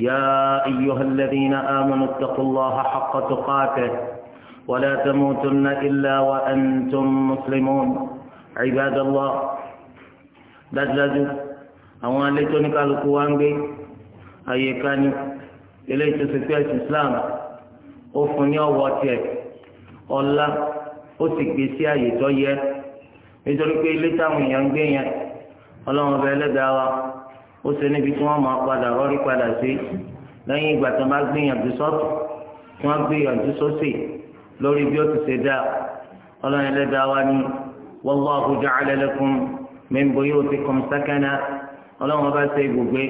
يا أيها الذين آمنوا اتقوا الله حق تقاته ولا تموتن إلا وأنتم مسلمون عباد الله dájúdájú àwọn àlejò ní kálukú wa ń gbé àyè kání ilé ìtòsí pé ẹ̀sìn Islam ó fún ní ọwọ́ tiẹ̀ ọlá ó sì gbé sí àyè tó yẹ nítorí pé ilé táwọn èèyàn ń gbé yẹn Ọlọ́run ọba ẹlẹ́dàá wa ó ṣe níbi tí wọ́n máa padà rọ́rí padà sí lẹ́yìn ìgbà tí wọ́n bá gbìyànjú sọ́tù tí wọ́n gbìyànjú sósì lórí bí ó ti ṣe dáa ọlọ́run ẹlẹ́dàá wa ni wallahu ja'ala lakum min buyutikum sakana ọlọ́run ọba ṣe ibùgbé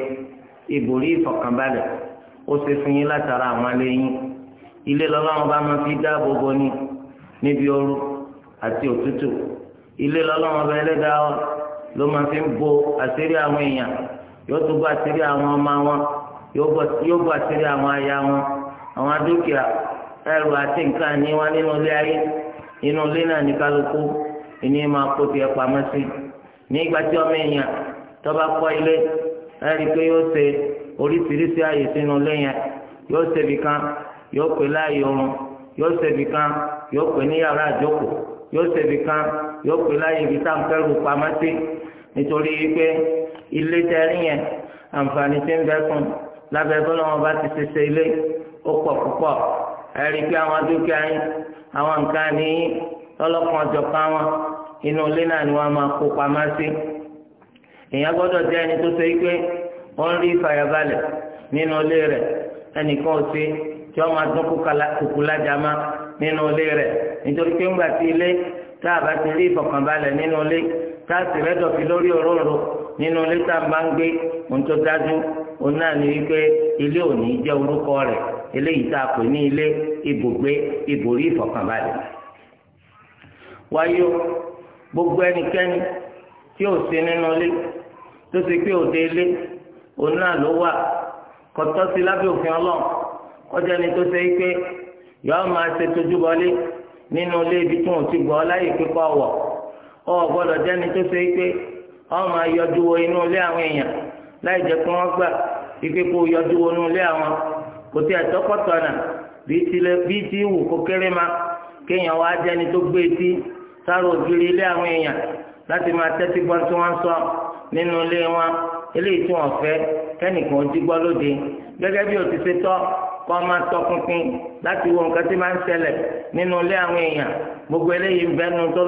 ibùrí ìfọ̀kànbalẹ̀ ó ṣe fún yín látara àwọn aléyìn ilé lọ́lọ́run ọba máa fi dáàbò bo ni níbi ooru àti òtútù ilé lọ́lọ́run ọba ẹlẹ́dàá ló máa fi ń bo àṣírí àwọn èèyàn yóò tún bọ́ àṣírí àwọn ọmọ wọn yóò bọ́ àṣírí àwọn aya wọn àwọn dúkìá ẹrù àti nǹkan ní wọn nínú ilé ayé inú ilé náà ní kálukú ìní máa kó tiẹ̀ pamọ́ sí ní ìgbà tí ọmọ èèyàn tó bá kọ́ ilé ẹ̀rí pé yóò ṣe oríṣiríṣi àyè sínú ilé yẹn yóò ṣe ibìkan yóò pè láàyè oorun yóò ṣe ibìkan yóò pè ní yàrá àjókòó yóò ṣe ibìkan yóò pè láàyè ibi tá à pamọ́ sí nítorí pé ilé tẹ́rí yẹn àǹfààní tí ń bẹ fún lábẹ́ bọ́lá wọn bá ti ṣẹṣẹ ilé ó pọ̀ púpọ̀ ẹ̀rí pé àwọn dúkìá yín àwọn nǹkan ní lọ́lọ́kan ọ̀jọ̀kan wọn inú ilé náà ni wọ́n máa kó pamọ́ sí èèyàn gbọ́dọ̀ jẹ́ ẹni tó ṣe pé ó ń rí ìfàyàbalẹ̀ nínú ilé rẹ̀ ẹnìkan ò sí tí wọ́n máa dún kúkú lájà má nínú ilé rẹ̀ nínú lẹ́tà bá ń gbé ohun dájú òun náà ní wípé ilé òní jẹ́ orúkọ rẹ̀ eléyìí tá a pè ní ilé ibùgbé ibùrí ìfọ̀kànbalẹ̀. wáyé o gbogbo ẹnikẹ́ni tí ò sí nínú ilé tó ti pé òde ilé òun náà ló wà kọ́tọ́ sí lábẹ́ òfin ọlọ́run kọjá ni tó ṣe yọọ máa ṣe tójú bọlé nínú ilé ibi tí ti gbọ́ láyè Ọ máa yọjú wo inú ilé àwọn èèyàn láì jẹ́ pé wọ́n gbà ike kó yọjú wo inú ilé nà bí ti wù kó kéré ma kéèyàn wá jẹ́ni tó gbé etí sáré ògiri ilé àwọn èèyàn láti máa tẹ́tí gbọ́n tí wọ́n sọ nínú ilé wọn eléyìí tí wọ́n fẹ́ o ti ṣe tọ́ kọ́ máa láti wo nǹkan tí máa ń ṣẹlẹ̀ nínú gbogbo eléyìí bẹ́nu tó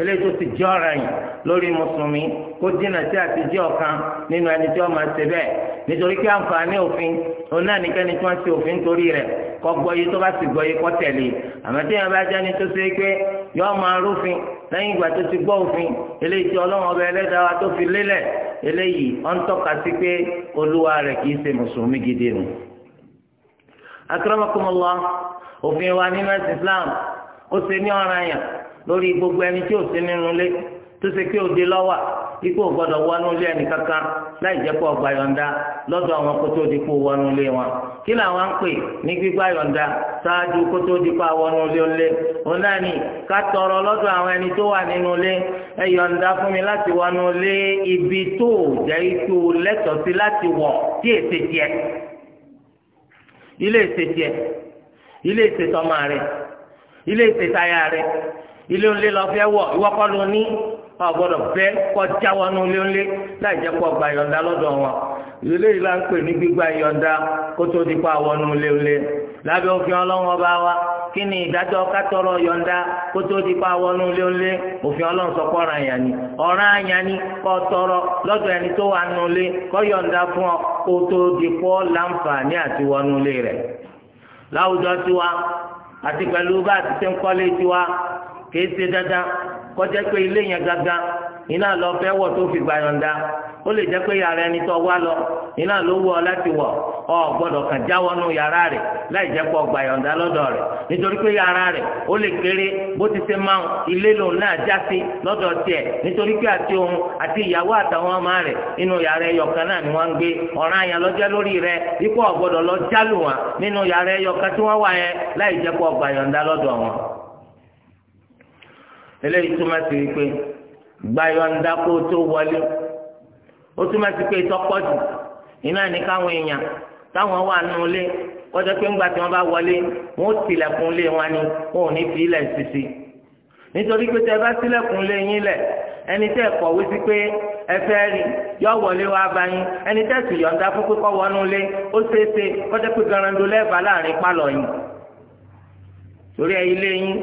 eléyìí tó ti jẹ́ ọ̀ràn yìí lórí mùsùlùmí kó dínà sí àti jẹ́ ọ̀kan nínú ẹni tí wọ́n máa ṣe bẹ́ẹ̀ nítorí pé àǹfààní òfin òun náà nìkẹ́ni tí wọ́n ṣe òfin torí rẹ̀ kọ́ gbọ́ tó bá sì gbọ́ kọ́ tẹ̀lé àmọ́ tí yẹn bá jẹ́ni tó ṣe é pé yọ́ máa rúfin lẹ́yìn ìgbà tó ti gbọ́ òfin eléyìí tí ọlọ́run ọba ẹlẹ́dàá wa fi lélẹ̀ eléyìí ń tọ́ka sí pé olúwa rẹ̀ ṣe mùsùlùmí gidi nù. òfin wa nínú ẹ̀sìn Islam ó ṣe ní lórí gbogbo ẹni tí ò sí nínú ilé tó ṣe pé òde lọ́wà ikú ò gbọ́dọ̀ wọnú ilé ẹni kankan láì jẹ́ pọ̀ gba yọ̀ǹda lọ́dọ̀ àwọn kó tó di kó wọnú ilé wọn kí làwọn ń pè ní gbígbá yọ̀ǹda ṣáájú kó tó di pa wọnú ilé ilé òun náà ni ká tọrọ lọ́dọ̀ àwọn ẹni tó wà nínú ilé ẹ yọ̀ǹda fún mi láti wọnú ilé ibi tó jẹ́ ikú lẹ́tọ̀ọ́ sí láti wọ̀ tí èsè tiẹ̀ ilé èsè tiẹ̀ ilé èsè tọ́mọ ilé ńlẹ lọ fẹ́ wọ ìwọ kọ́ ló ní ọ gbọ́dọ̀ fẹ́ kọjá wọnú ilé ńlẹ láì jẹ́ kó gba yọ̀ǹda lọ́dọ̀ wọn ilé yìí la ń pè ní gbígba yọ̀ǹda kó tó di pa wọnú ilé ńlẹ lábẹ́ òfin ọlọ́wọ́n bá wa kí ni ìdájọ́ kátọ́rọ̀ yọ̀ǹda kó tó di pa wọnú ilé ńlẹ òfin ọlọ́run sọ pé ọ̀ràn àyàn ni ọ̀ràn àyàn ni kọ́ tọrọ lọ́dọ̀ ẹni tó wà nù ilé kọ́ yọ̀ǹda fún ọ kó tó di pọ́ láǹfààní àti wọnú ilé rẹ̀ láwùjọ tiwa àti pẹ̀lú bá a ti kìí dada dandan kọjá pé ilé yẹn gangan iná lọ fẹ́ wọ̀ tó fi gbà yọ̀ǹda ó lè jẹ́ pé yàrá ẹni tó wá lọ iná ló láti wọ̀ ọ gbọ́dọ̀ kàn jáwọ́ nù yàrá rẹ̀ láì jẹ́ lọ́dọ̀ rẹ̀ nítorí pé yàrá rẹ̀ ó lè kéré bó ti ṣe máa ilé lòun náà já lọ́dọ̀ tiẹ̀ nítorí pé àti òun àti gbé ọ̀ràn àyàn lọ́jẹ́ lórí rẹ̀ ọ̀gbọ́dọ̀ eléyìí túmọ̀ sí pé gbayọ̀ǹda kó tó wọlé ó túmọ̀ sí pé tọ́pọ̀ jù iná ní káwọn èèyàn táwọn wà nulẹ̀ kọjá pé ńgbà tí wọ́n bá wọlé wọn tilẹ̀kùn lé wọn ni wọn ò ní fi ilẹ̀ sisi nítorí pé tẹ bá tilẹ̀kùn lé yín lẹ̀ ẹni tẹ́ kọ̀wé sí pé ẹ fẹ́ rí yọ wọlé wá bá yín ẹni tẹ́ sì yọ̀ǹda fún pé kọ́ wọnú lé ó ṣeéṣe kọjá pé garando láàrin pálọ̀ yín torí ẹ ilé yín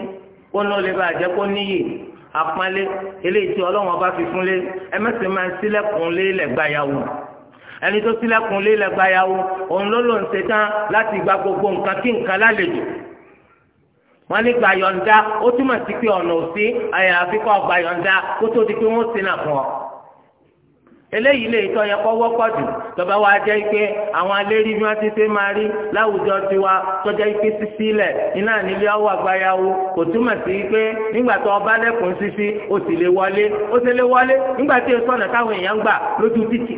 kó ló lè bá jẹ́ kó níyì àpọ́nlé eléyìí tí ọlọ́wọ́n bá fi fúnlé ẹmẹ́sìn máa ń sílẹ̀kùn lé lẹ́gbàáyàwó ẹni tó sílẹ̀kùn lé lẹ́gbàáyàwó òun ló ló ń ṣetán láti gba gbogbo nǹkan kí nǹkan lálejò wọ́n ní gba yọ̀ǹda ó túmọ̀ sí pé ọ̀nà òsí àyàfi kọ́ gba yọ̀ǹda kó di pé wọ́n sin àfọ̀ eléyìí lè tọ́ yẹ kọ́ wọ́pọ̀ jù tọ́ba wa jẹ́ pé àwọn alérí bí wọ́n ti ṣe máa rí láwùjọ tiwa tọ́jà pé sísí lẹ̀ iná nílé ọwọ́ àgbáyàwó kò túmọ̀ sí pé nígbà tó ọba lẹ́kùn sísí o sì lè wọlé o sì lè wọlé nígbà tí èso ọ̀nà táwọn èèyàn ń gbà lójú títì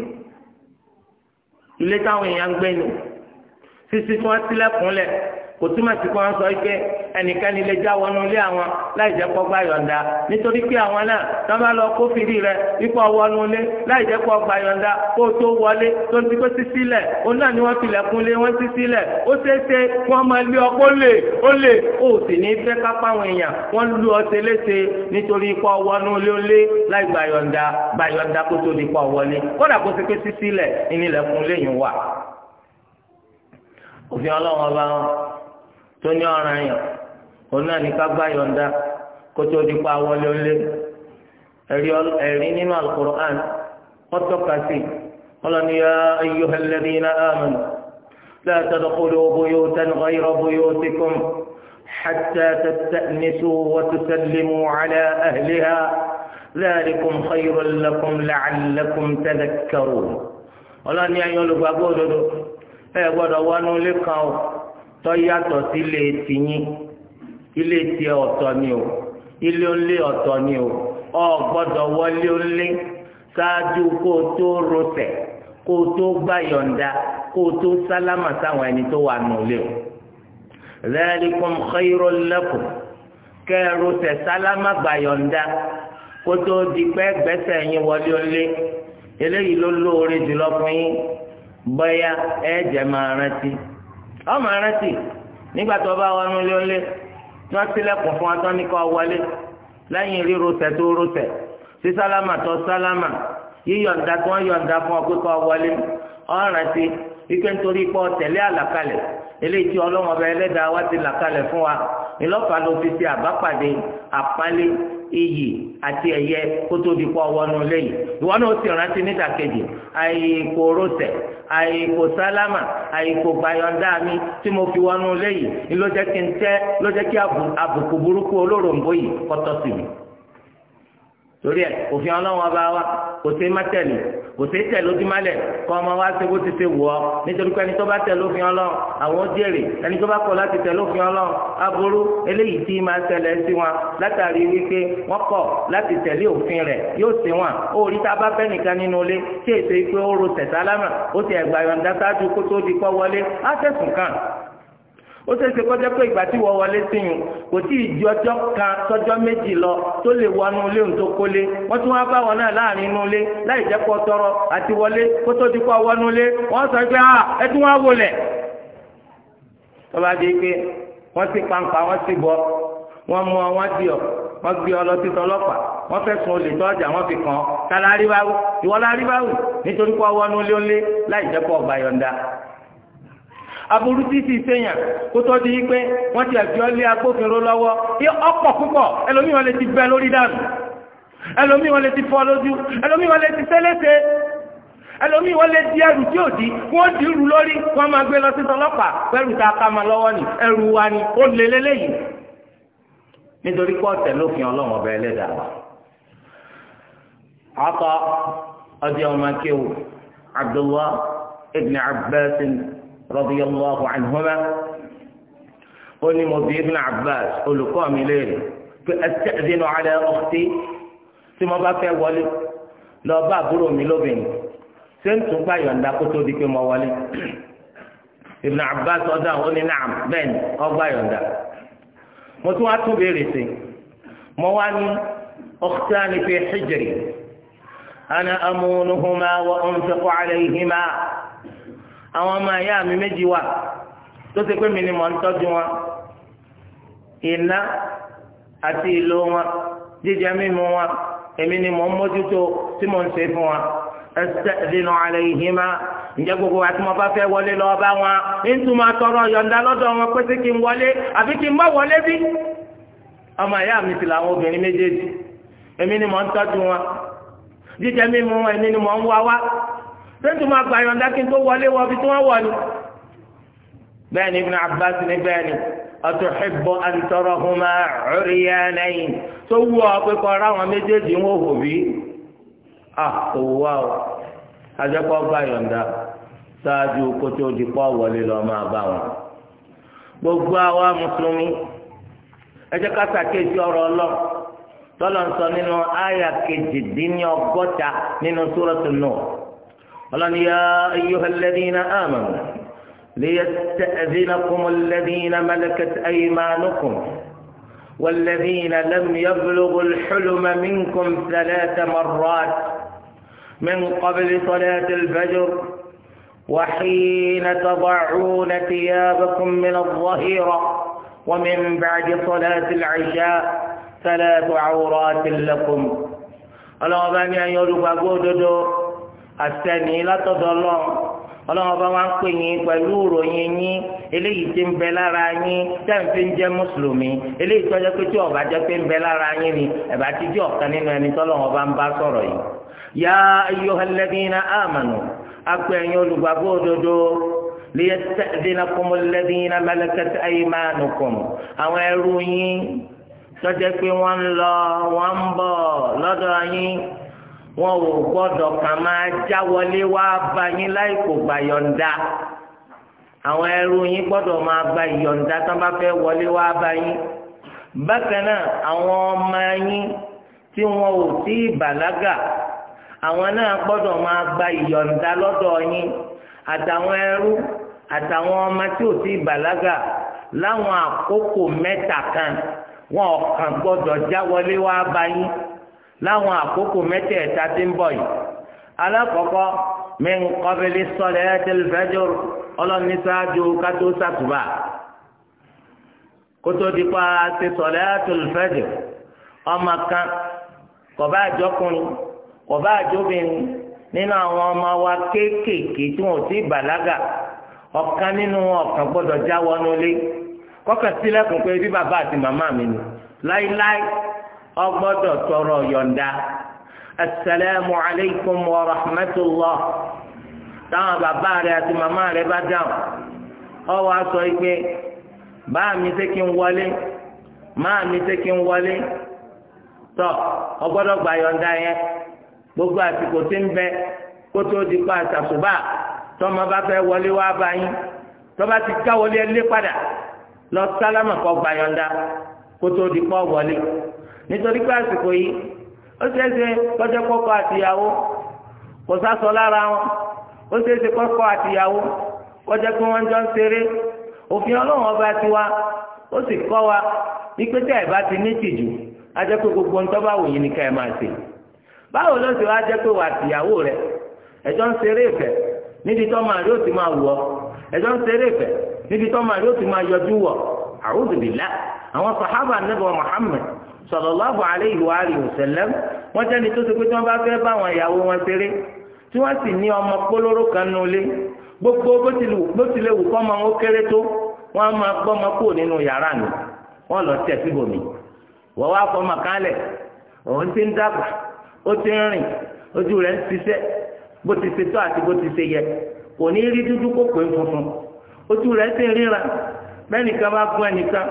ilé táwọn èèyàn ń gbé nu sísí tí wọ́n sílẹ̀kùn lẹ̀ kò túmọ̀ sí kí wọ́n sọ pé ẹnìkan ilé já wọnú ilé àwọn láì jẹ́ kọ́gbà yọ̀ǹda nítorí pé àwọn náà tó bá lọ kó fìrí rẹ ipò wọnú ilé láì jẹ́ kọ́gbà yọ̀ǹda kó tó wọlé tó ti kó sí sílẹ̀ òun náà ni wọ́n fi lẹ̀kùn lé wọ́n sí sílẹ̀ ó ṣeé ṣe wọ́n máa lé ọkọ́ lè ó lè ó sì ní fẹ́ kápá àwọn èèyàn wọ́n lu ọtẹ léṣe nítorí ipò wọnú ilé lé láì gbà yọ̀ǹda gbà yọ̀ǹda tó ní ọ̀ràn yàn òun náà ní ká gbá yọ̀ǹda kó tó di pa wọlé olé ẹ̀rí nínú alukur'an wọ́n tọ́ka sí ọlọ́ni yá náà kúrò ayyuhal ladhina amanu la tadkhulu buyutan ghayra buyutikum hatta tasta'nisu wa tusallimu ala ahliha dhalikum lẹ́kún lakum tẹ̀lé kẹrù ọlọ́ni yá yọ̀ ayọ̀lùgbàgbọ́ dodo ẹ̀ gbọ́dọ̀ wọnú ilé kan o. tọ́yàtọ̀ sí ilé tìyín ilé tiẹ̀ ọ̀tọ̀ ni o ilé ńlé ọ̀tọ̀ ni o ọ gbọ́dọ̀ wọlé ńlé ṣáájú kó o tó rọsẹ̀ kó o tó gbà yọ̀ǹda kó o tó sálámà sáwọn ẹni tó wà nùlé o. zalikum khayrun lakum kẹ́ẹ̀rù tẹ̀ sálámà gbà yọ̀ǹda kó tó di pẹ́ gbẹ́sẹ̀ yín wọlé ńlé eléyìí ló lóore jùlọ fún yín bóyá ẹ̀ẹ́dẹ̀ máa rántí ọmọ arántì nígbà tó bá wọnú lónlé tí wọ́n tilẹ̀kùn fún atọ́ ní kó wọlé lẹ́yìn ríro tẹ̀ tó ro tẹ̀ sí sálámà tó sálámà yíyọ̀ǹda tí wọ́n yọ̀ǹda fún ọ pé kó wọlé ọ̀rántì ike nítorí pé ọ̀tẹ̀lé àlàkalẹ̀ eléyìí tí ọlọ́mọbẹ ẹlẹ́dàá wa ti làkalẹ̀ fún wa ìlọ́pàá ló fi ṣe àbápàdé àpálẹ́ iyì àti ẹ̀yẹ kó tó di pọ̀ wọnú ilé yìí ìwọ náà sì rántí níta kejì àìkò rọsẹ̀ àìkò sálámà àìkò gbayọ̀ǹda mi tí mo fi wọnú ilé yìí ló jẹ́ kí n tẹ́ ló jẹ́ kí àbùkù burúkú olóròǹbó yìí kọ́tọ́ sí mi torí ẹ̀ òfin ọlọ́wọ́n bá wa kò sí mẹ́tẹ̀lì kò sí tẹ̀ lójúmọ́lẹ̀ kọ́ ọmọ wa ṣe bó ti ṣe wọ̀ ọ́ nítorí pé ẹni tó bá tẹ̀ lófin ọlọ́run àwọn jèrè ẹni tó bá kọ̀ láti tẹ̀ lófin ọlọ́run aburú eléyìí tí máa ṣẹlẹ̀ sí wọn látàrí wípé wọ́n kọ̀ láti tẹ̀lé òfin rẹ̀ yóò ṣe wọn ó rí tá a bá fẹ́ nìkan nínú ilé tí èsè pé ó ro tẹ̀sálámà ó ti ẹ̀gbà yọ̀ǹda ṣáájú kó tó di pọ́ wọlé á tẹ̀sùn kàn ó ṣe é ṣe kọjá pé ìgbà tí wọ́n wọlé sí yùn kò tí ì ju ọjọ́ kan tọjọ́ méjì lọ tó lè wọnú ilé òun tó kólé wọ́n tún wá bá wọn náà láàrin inú ilé láì jẹ́ kó tọrọ àti wọlé kó tó di kó wọnú ilé wọ́n sọ pé ah ẹ tún wá wọlé. tọ́ba di pé wọ́n ti pàǹpà wọ́n ti bọ̀ wọ́n mú ọ wọ́n di ọ wọ́n gbé ọ lọ sí tọlọ́pàá wọ́n fẹ̀sùn olè tọ́jà wọ́n fi kàn án tálá rí ìwọ́lá rí nítorí kó ọgbà yọ̀ǹda aburú tí ti sèyàn kó tó di pé wọ́n ti àjọ lé agbófinró lọ́wọ́ yé ọ̀pọ̀ púpọ̀ ẹlòmíràn lè ti gbẹ lórí dànù ẹlòmíràn lè ti fọ́ lójú ẹlòmíràn lè ti sẹ́lẹ̀sẹ̀ ẹlòmíì wọ́n lé di ẹrù tí ò di wọ́n di rú lórí wọ́n máa gbé lọ sí tọlọ́pàá pẹ̀lú tá a ká máa lọ́wọ́ ni ẹrù wa ni ó lé lélẹ́yìí. nítorí pé ọ̀tẹ̀ lófin ọlọ́run ọba ẹlẹ́dàá wa. àkọ́ ọdí ọmọ kéwù Abdullah ibn Abbas radiyallahu anhuma ó ní mo bi ibn abbas olùkọ́ mi léèrè pé asta'dhinu ala ukhti tí mo bá fẹ́ wọlé lọ bá àbúrò mi lóbìnrin ṣé ń tún gbà yọ̀ǹda kó tó di pé mo wọlé ibn abbas ọ̀dà ó ní na'am bẹ́ẹ̀ ni ọgbà yọ̀ǹda mo tún wá tún béèrè sí mo wá ní ukhtani fi hijri ana amunuhuma wa unfiqu alayhima. àwọn ọmọ ẹ̀yà mi méjì wà tó ṣe pé mi ni mò ń tọ́jú wọn iná àti ìlò wọn jíjẹ mímu wọn èmi ni mò ń mójútó tí mò ń ṣe fún wọn ẹsẹ̀dínú alẹ́ ìhìnmá ǹjẹ́ gbogbo àti mo bá fẹ́ wọlé lọ bá wọn nítumọ̀ tọrọ yọ̀ǹda lọdọ wọn pé sí kí sẹ́ńtù máa gbà yọ̀ǹda kí n tó wọlé wọ ibi tí wọ́n ni. Abbas ni bẹ́ẹ̀ ni atuhibbu an tarahuma uriyanayn tó wù ọ́ pé kọ́ ra méjèèjì ń bí. a kò wá o ajẹ́kọ́ gbà yọ̀ǹda ṣáájú kótó di pọ́ wọlé lọ máa gbogbo àwa mùsùlùmí ẹ jẹ́ ká ṣàkíyèsí ọ̀rọ̀ ọlọ́run tọ́lọ̀ ń sọ nínú àyà kejìdínlọ́gọ́ta nínú قال يا أيها الذين آمنوا ليستأذنكم الذين ملكت أيمانكم والذين لم يبلغوا الحلم منكم ثلاث مرات من قبل صلاة الفجر وحين تضعون ثيابكم من الظهيرة ومن بعد صلاة العشاء ثلاث عورات لكم الله أباني أن يلقى قدده Aseni látọ̀dọ̀ ọlọ́run ọlọ́run bá wọn pè yín pẹ̀lú ìròyìn yín eléyìí tí ń bẹ lára yín tẹ́ǹfì ń jẹ́ mùsùlùmí eléyìí tó pé tí ọ̀bà jẹ́ pé ń bẹ lára yín ni ẹ̀bà ti jẹ́ ọ̀kan nínú ẹni tọ́lọ́run ń bá yìí. ya ayyuhal ladina amanu apẹ̀yìn olùgbàgbọ́ òdodo liyasta'dinakumul ladina malakat aymanukum àwọn ẹrú yín tó pé lọ lọdọ wọn ò gbọ́dọ̀ kàn máa jáwọlé wá bá yín láì gbà yọ̀ǹda àwọn ẹrú yín gbọ́dọ̀ máa gba ìyọ̀ǹda tó bá fẹ́ wọlé wá bá yín bákan náà àwọn ọmọ yín tí wọn ò tí ì bàlágà àwọn náà gbọ́dọ̀ máa gba ìyọ̀ǹda lọ́dọ̀ yín àtàwọn ẹrú àtàwọn ọmọ tí ò tí ì bàlágà láwọn àkókò mẹ́ta kan wọn ò kàn gbọ́dọ̀ jáwọlé wá bá yín. láwọn àkókò mẹ́tẹ̀ẹ̀ta tí ń bọ̀ yìí alákọ̀ọ́kọ́ min qabli salatil fajr ọlọ́ni sáájú kátó sàtúbà kótó dípa ti salatul fajr ọmọ kan kọ̀bá àjọkùnrin kọ̀bá àjọbìnrin nínú àwọn ọmọ wa kéékèèké tí wọn ò tí bàlágà ọ̀kan nínú ọ̀kan gbọ́dọ̀ já wọnú ilé kọ́kàn sílẹ̀kùn pé bí bàbá àti màmá mi ni láíláí ọgbọ́dọ̀ tọrọ yọ̀ǹda asalaamu alaykum wa rahmatulah táwọn bàbá rẹ àti màmá rẹ bá dáhùn ọwọ́ aṣọ ìpè báà mi ṣe kí n wọlé máa mi ṣe kí n wọlé tọ ọgbọ́dọ̀ gba yọ̀ǹda yẹn gbogbo àsìkò tí ń bẹ kótó di pa àṣàṣùbà tọmọ bá fẹ́ wọlé wá báyìí tọba ti ká wọlé ẹ lé padà lọ sálámà kọ gba yọ̀ǹda kótó di pa wọlé. nítorí pé àsìkò yìí ó ṣeé ṣe kọjá kọkọ àtìyàwó kò sásọ lára wọn ó ṣe kọkọ àtìyàwó kọjá pé wọn jọ ń ṣeré òfin ọba ó sì wa ti ní tìjú á pé gbogbo ń tọ́ba wòye ní ká ẹ máa ṣe báwo ló ṣe wá pé wà àtìyàwó rẹ ń ṣeré níbi tó máa ti máa ń ṣeré sallallahu alaihi wa alihi wasallam wọ́n jẹ́ni tó ṣe pé tí wọ́n bá fẹ́ bá àwọn ìyàwó wọn ṣeré tí wọ́n sì ní ọmọ kólóró kan nulé gbogbo bó tilẹ̀ wù kọ́ ọmọ wọn kéré tó wọ́n á máa gbọ́ ọmọ kúrò nínú yàrá mi wọ́n lọ tẹ̀ síbòmí wọ́n wá fọ́ ọmọ kan òun ti ń dàgbà ó ti ń rìn ojú rẹ̀ ń ṣiṣẹ́ bó ti ṣe tó àti bó ti ṣe yẹ kò ní rí dúdú kó pé funfun ojú rẹ̀ ti ríra bẹ́ẹ̀ nìkan bá gún ẹnìkan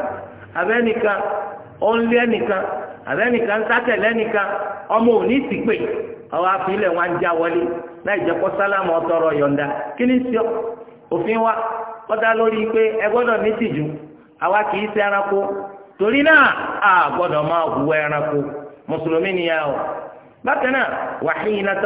àbẹ́nìkan ó ń nikan ẹnìkan àbẹ́nìkan ń sátẹ̀lẹ́ ẹnìkan ọmọ òní ti pè ọwọ́ àfihàn wa já wọlé láì jẹ́ kó ọtọrọ yọ̀ǹda kí ni sọ òfin wa kọ́dá lórí pé ẹ gbọ́dọ̀ ní tìjú àwa kì í ṣe ẹranko torí náà a gbọ́dọ̀ máa hùwà ẹranko mùsùlùmí nìyà o bákan náà wàhíì náà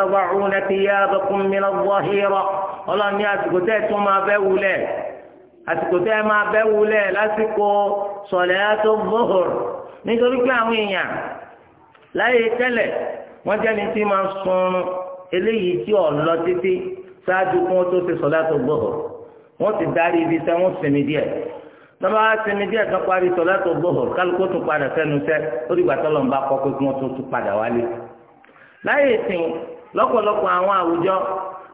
nítorí pé àwọn èèyàn láyé tẹ́lẹ̀ wọ́n jẹ́ni tí máa ń sun eléyìí tí ò lọ títí ṣáájú kí wọ́n tó ti sọ̀dá tó gbọ́họ̀ wọ́n ti darí ibi tẹ́ wọ́n sinmi díẹ̀ tọ́ba wá sinmi díẹ̀ kan parí sọ̀dá tó gbọ́họ̀ kálukó tún padà sẹ́nu sẹ́ lórí ìgbà tọ́lọ̀ ń bá kọ́ pé kí wọ́n tó tún padà wálé láyé ìsìn lọ́pọ̀lọpọ̀ àwọn àwùjọ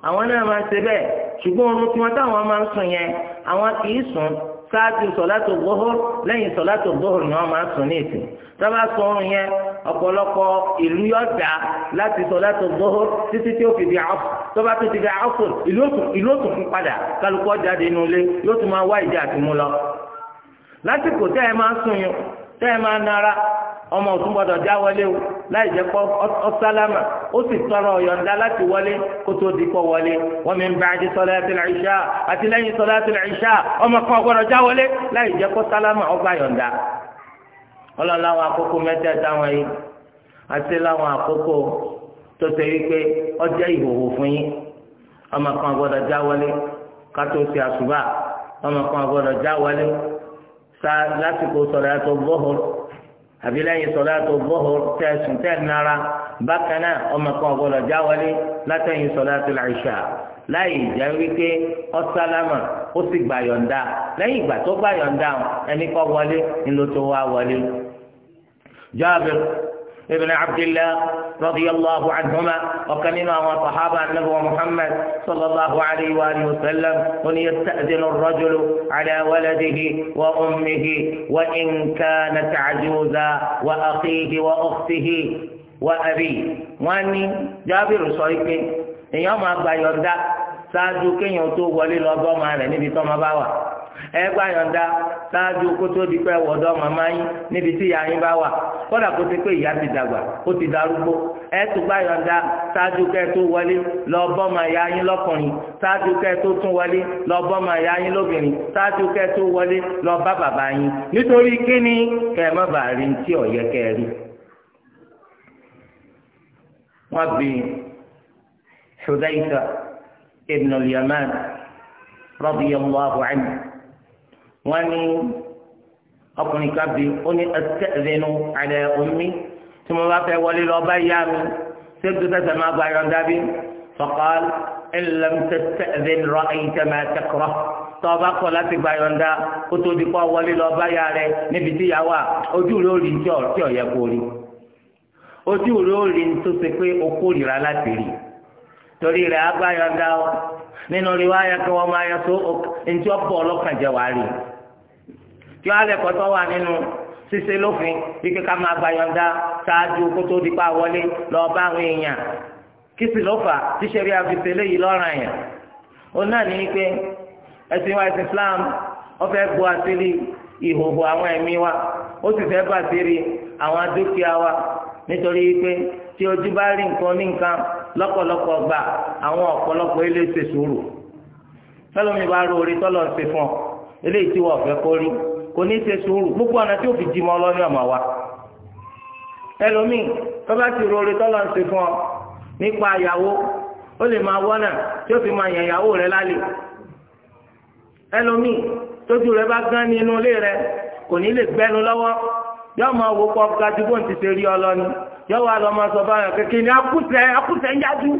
àwọn náà máa ń ṣe bẹ́ẹ̀ ṣùgbọ́n orun tí wọ́n táwọn máa ń sùn yẹn àwọn kì í sùn ṣáájú sọ̀látò gbóhùn lẹ́yìn sọ̀látò gbóhùn ni wọ́n máa sùn ní ìsìn sábà sọ ohun yẹn ọ̀pọ̀lọpọ̀ ìlú yọ̀dà láti sọ̀látò gbóhùn títí tí ó fi di àfọ̀ tọ́ba tó ti di àfọ̀ ìlú òtún fún padà kálukú jáde inú ilé yóò tún máa wá ìdí àtìmú lọ lásìkò tẹ́ ẹ máa sùn yín tẹ́ ẹ máa nara ọmọ òtún gbọ́dọ̀ já wọlé o láì jẹ́ pọ́ ọsálámà ó sì tọrọ ọ̀yọ̀ǹda láti wọlé kó tó di pọ̀ wọlé wa min ba'di salatil isha àti lẹ́yìn salatil isha ọmọ kan gbọ́dọ̀ já wọlé láì jẹ́ pọ́ sálámà ọgbà yọ̀ǹda ọlọ́run láwọn àkókò mẹ́tẹ̀ẹ̀ta wọn yìí àti láwọn àkókò tó ṣe wípé ọjọ́ ìhòòhò fún yín ọmọ kan gbọ́dọ̀ já wọlé kátó ti àṣùbà ọmọ kan gbọ́dọ̀ àbí lẹ́yìn sọlá tó bọ́ọ̀ tẹ̀sùn tẹ̀ nara bákan náà ọmọ kan gbọ́dọ̀ já wọlé látẹ̀yìn sọlá tó l'Íṣà láì jẹ́ wípé ọ̀sálámà ó sì gbà yọ̀ǹda lẹ́yìn ìgbà tó gbà yọ̀ǹda ẹni kọ́ wọlé ńlọ tó wá wọlé. ابن عبد الله رضي الله عنهما وكان إمام صحابة النبي محمد صلى الله عليه وآله وسلم أن يستأذن الرجل على ولده وأمه وإن كانت عجوزا وأخيه وأخته وأبي وأني جابر صحيح إن يوم أبا يرد ساجو كن يوتو ولي لغوما لنبي ẹ gbà yọ̀ǹda ṣáájú kó tó di pé wọ̀dọ́ màmá yín níbi tí ìyá yín bá wà kódà kó ti pé ìyá ti dàgbà ó ti darúgbó ẹ tún gbà yọ̀ǹda ṣáájú kẹ́ tó wọlé lọ bọ́ ma ìyá yín lọ́kùnrin ṣáájú kẹ́ tó tún wọlé lọ bọ́ ma ìyá yín lóbìnrin ṣáájú kẹ́ tó wọlé lọ bá bàbá yín nítorí kíni kẹ́ má bàa rí ní tí ọ̀yẹ́ kẹ́ rí wọ́n bí Hudayfa ibn al-Yaman radiyallahu anhu wọ́n ní ọkùnrin ká bi ó ní ẹsẹ̀dínú àlẹ́ omi tí mo bá fẹ́ wọlé lọ bá yá mi ṣé kí sẹ́sẹ̀ máa gba yọ̀ǹda bí fọ̀kàl ẹ̀lẹ́m tẹ̀sẹ̀dín rọ ẹ̀yìn tẹ̀ máa tẹ̀kọ̀rọ̀ tọ́ba kọ̀ láti gba yọ̀ǹda kó tó di kọ́ wọlé lọ bá yá rẹ níbi tí yà ojú rẹ ó rí tí ọ̀yẹ́ kó rí ojú rẹ ó rí tó ṣe pé o kórìíra láti rí torí rẹ agbáyọ̀ǹda nínú rí wáyà kí wọ́n máa yọ tó ntí ọ̀pọ̀ ọlọ́kàn jẹ́ wàá rí kí wọ́n á lẹ́kọ̀ọ́ tó wà nínú ṣíṣe lófin wípé ká máa gbayọ̀ǹda ṣáájú kó tó di pa wọlé lọ bá àwọn èèyàn kí sì ló fà tí sẹ́rí àfisẹ́ léyìí lọ́ràn yẹn òun náà ní pé ẹ̀sìn wa ẹ̀sìn Islam ó fẹ́ bu àṣírí ìhòòhò àwọn ẹ̀mí wa ó sì fẹ́ bu àṣírí àwọn dúkìá wa nítorí pé tí ojú bá rí nǹkan ní nǹkan lọ́pọ̀lọpọ̀ gbà àwọn ọ̀pọ̀lọpọ̀ ilé ṣe sùúrù tọ́lọ́mi bá rú orí tọ́lọ́ ṣe fún ọ eléyìí tí wọ́n fẹ́ kórí kò ní ṣe sùúrù gbogbo ọ̀nà tí ó fi jìmọ lọ ní ọmọ wa ẹlòmíì tó ti ń ṣe fún ọ nípa ìyàwó ó lè máa wọ́nà tí ó fi máa yàn ìyàwó rẹ lálẹ́ ẹlòmíì tójú rẹ bá gán ní inú rẹ kò ní lè gbẹnu lọ́wọ́ yọ wò bó ń ti ṣe rí ọ lọ ni yọ wà lọ máa sọ kékeré ni akúṣẹ akúṣẹ ń yájú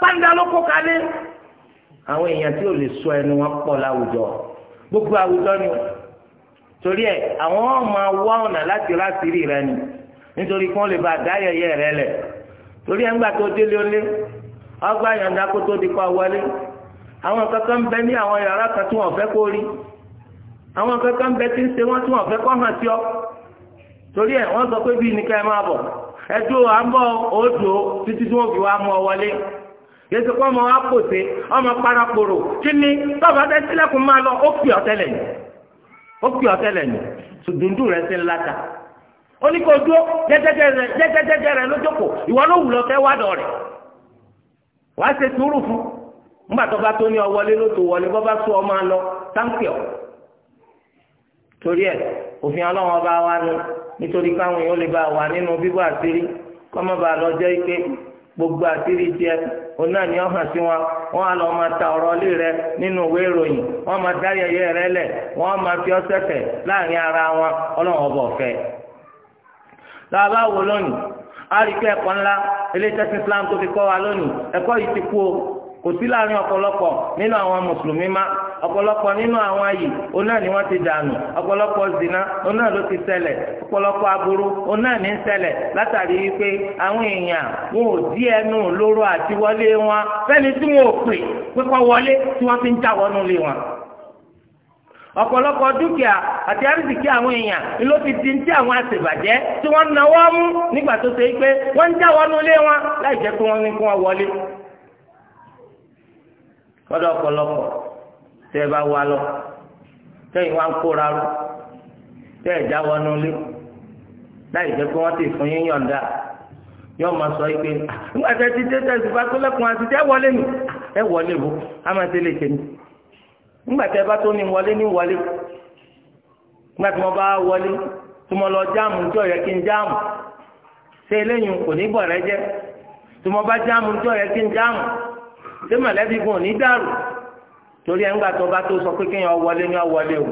pàǹdà gbogbo àwùjọ ni o torí ẹ àwọn ọmọ wá ọ̀nà láti láti rí rẹ ni nítorí kí wọ́n lè bá dáyẹyẹ rẹ lẹ̀ torí ẹ̀ ń gbà tó délé olé ọgbà yọ̀ǹda kó tó di wọlé àwọn kankan bẹ ní àwọn yàrá kan tí kó rí àwọn kankan bẹ tí ń ṣe tí wọlé. yẹsẹ kó ọmọ wa pòṣe ọmọ paraporo kíni tọ́ba tẹ sílẹ̀kùn máa lọ ó pì ọ̀tẹ́lẹ̀ ni ó pì ọ̀tẹ́lẹ̀ ni dundun rẹ ṣe ń láta ó ní kó dúró jẹ́jẹ́jẹ́jẹ́ rẹ lójókòó ìwọ ló wù lọ fẹ́ wádọ̀ rẹ̀ wàá ṣe sùúrù fún nígbà tó bá tó ní ọwọlé ló tó wọlé bọ́ bá sún ọ máa lọ táǹkì ọ̀ torí ẹ òfin ọlọ́wọ́n bá wá ní nítorí káwọn èèyàn lè bá wà nínú bíbọ́ àṣírí kọ́mọ́ bá lọ jẹ́ ike gbogbo àṣírí jẹ́ òun náà ni wọ́n sí wọn wọ́n á lọ máa ta ọ̀rọ̀ ilé rẹ nínú ìwé ìròyìn wọ́n máa dá yẹ̀yẹ́ rẹ lẹ̀ wọ́n máa fi ọsẹ̀ fẹ̀ láàrin ara wọn ọlọ́run ọbọ̀ fẹ́. làbá wo lónìí a rí pé ẹ̀kọ́ ńlá eléyìí Islam tó fi kọ́ wa lónìí ẹ̀kọ́ ti kú o kò sí láàrin ọ̀pọ̀lọpọ̀ nínú àwọn mùsùlùmí ọ̀pọ̀lọpọ̀ nínú àwọn ayì òun náà ni wọ́n ti dànù ọ̀pọ̀lọpọ̀ zina òun náà ló ti ṣẹlẹ̀ ọ̀pọ̀lọpọ̀ aburú òun náà ní ṣẹlẹ̀ látàrí wípé àwọn èèyàn wọn ò dí ẹnu lóró àti wọlé wọn fẹ́ni tí wọn ò pè wọlé tí wọ́n fi ń di àwọn tí wọ́n náwó mú nígbà tó ṣe pé wọ́n ń tẹ́ ẹ bá wá lọ tẹ́yìn wá ń kóra rú tẹ́ ẹ̀ já wọnú ilé láì jẹ́ pé wọ́n ti fún yín yọ̀ǹda yóò máa sọ pé ah, nígbà tẹ́ ti dé tẹ́ ìsìnkú akólẹ́kùn àti tẹ́ wọlé mi ẹ wọlé wo a máa ti lè tẹ̀lé nígbà tẹ́ bá tó ní wọlé ní wọlé nígbà tí wọ́n bá wọlé tí mo lọ jáàmù ní ọ̀yẹ́ kí n jáàmù ṣé eléyìí kò ní bọ̀ rẹ jẹ́ tí mo bá jáàmù ní ọ̀yẹ́ kí n jáàmù ṣé mọ̀lẹ́bí kan ò ní dàrú torí ẹ̀ńgbà tó bá tó sọ pé kéèyàn wọlé ní ọwọlé o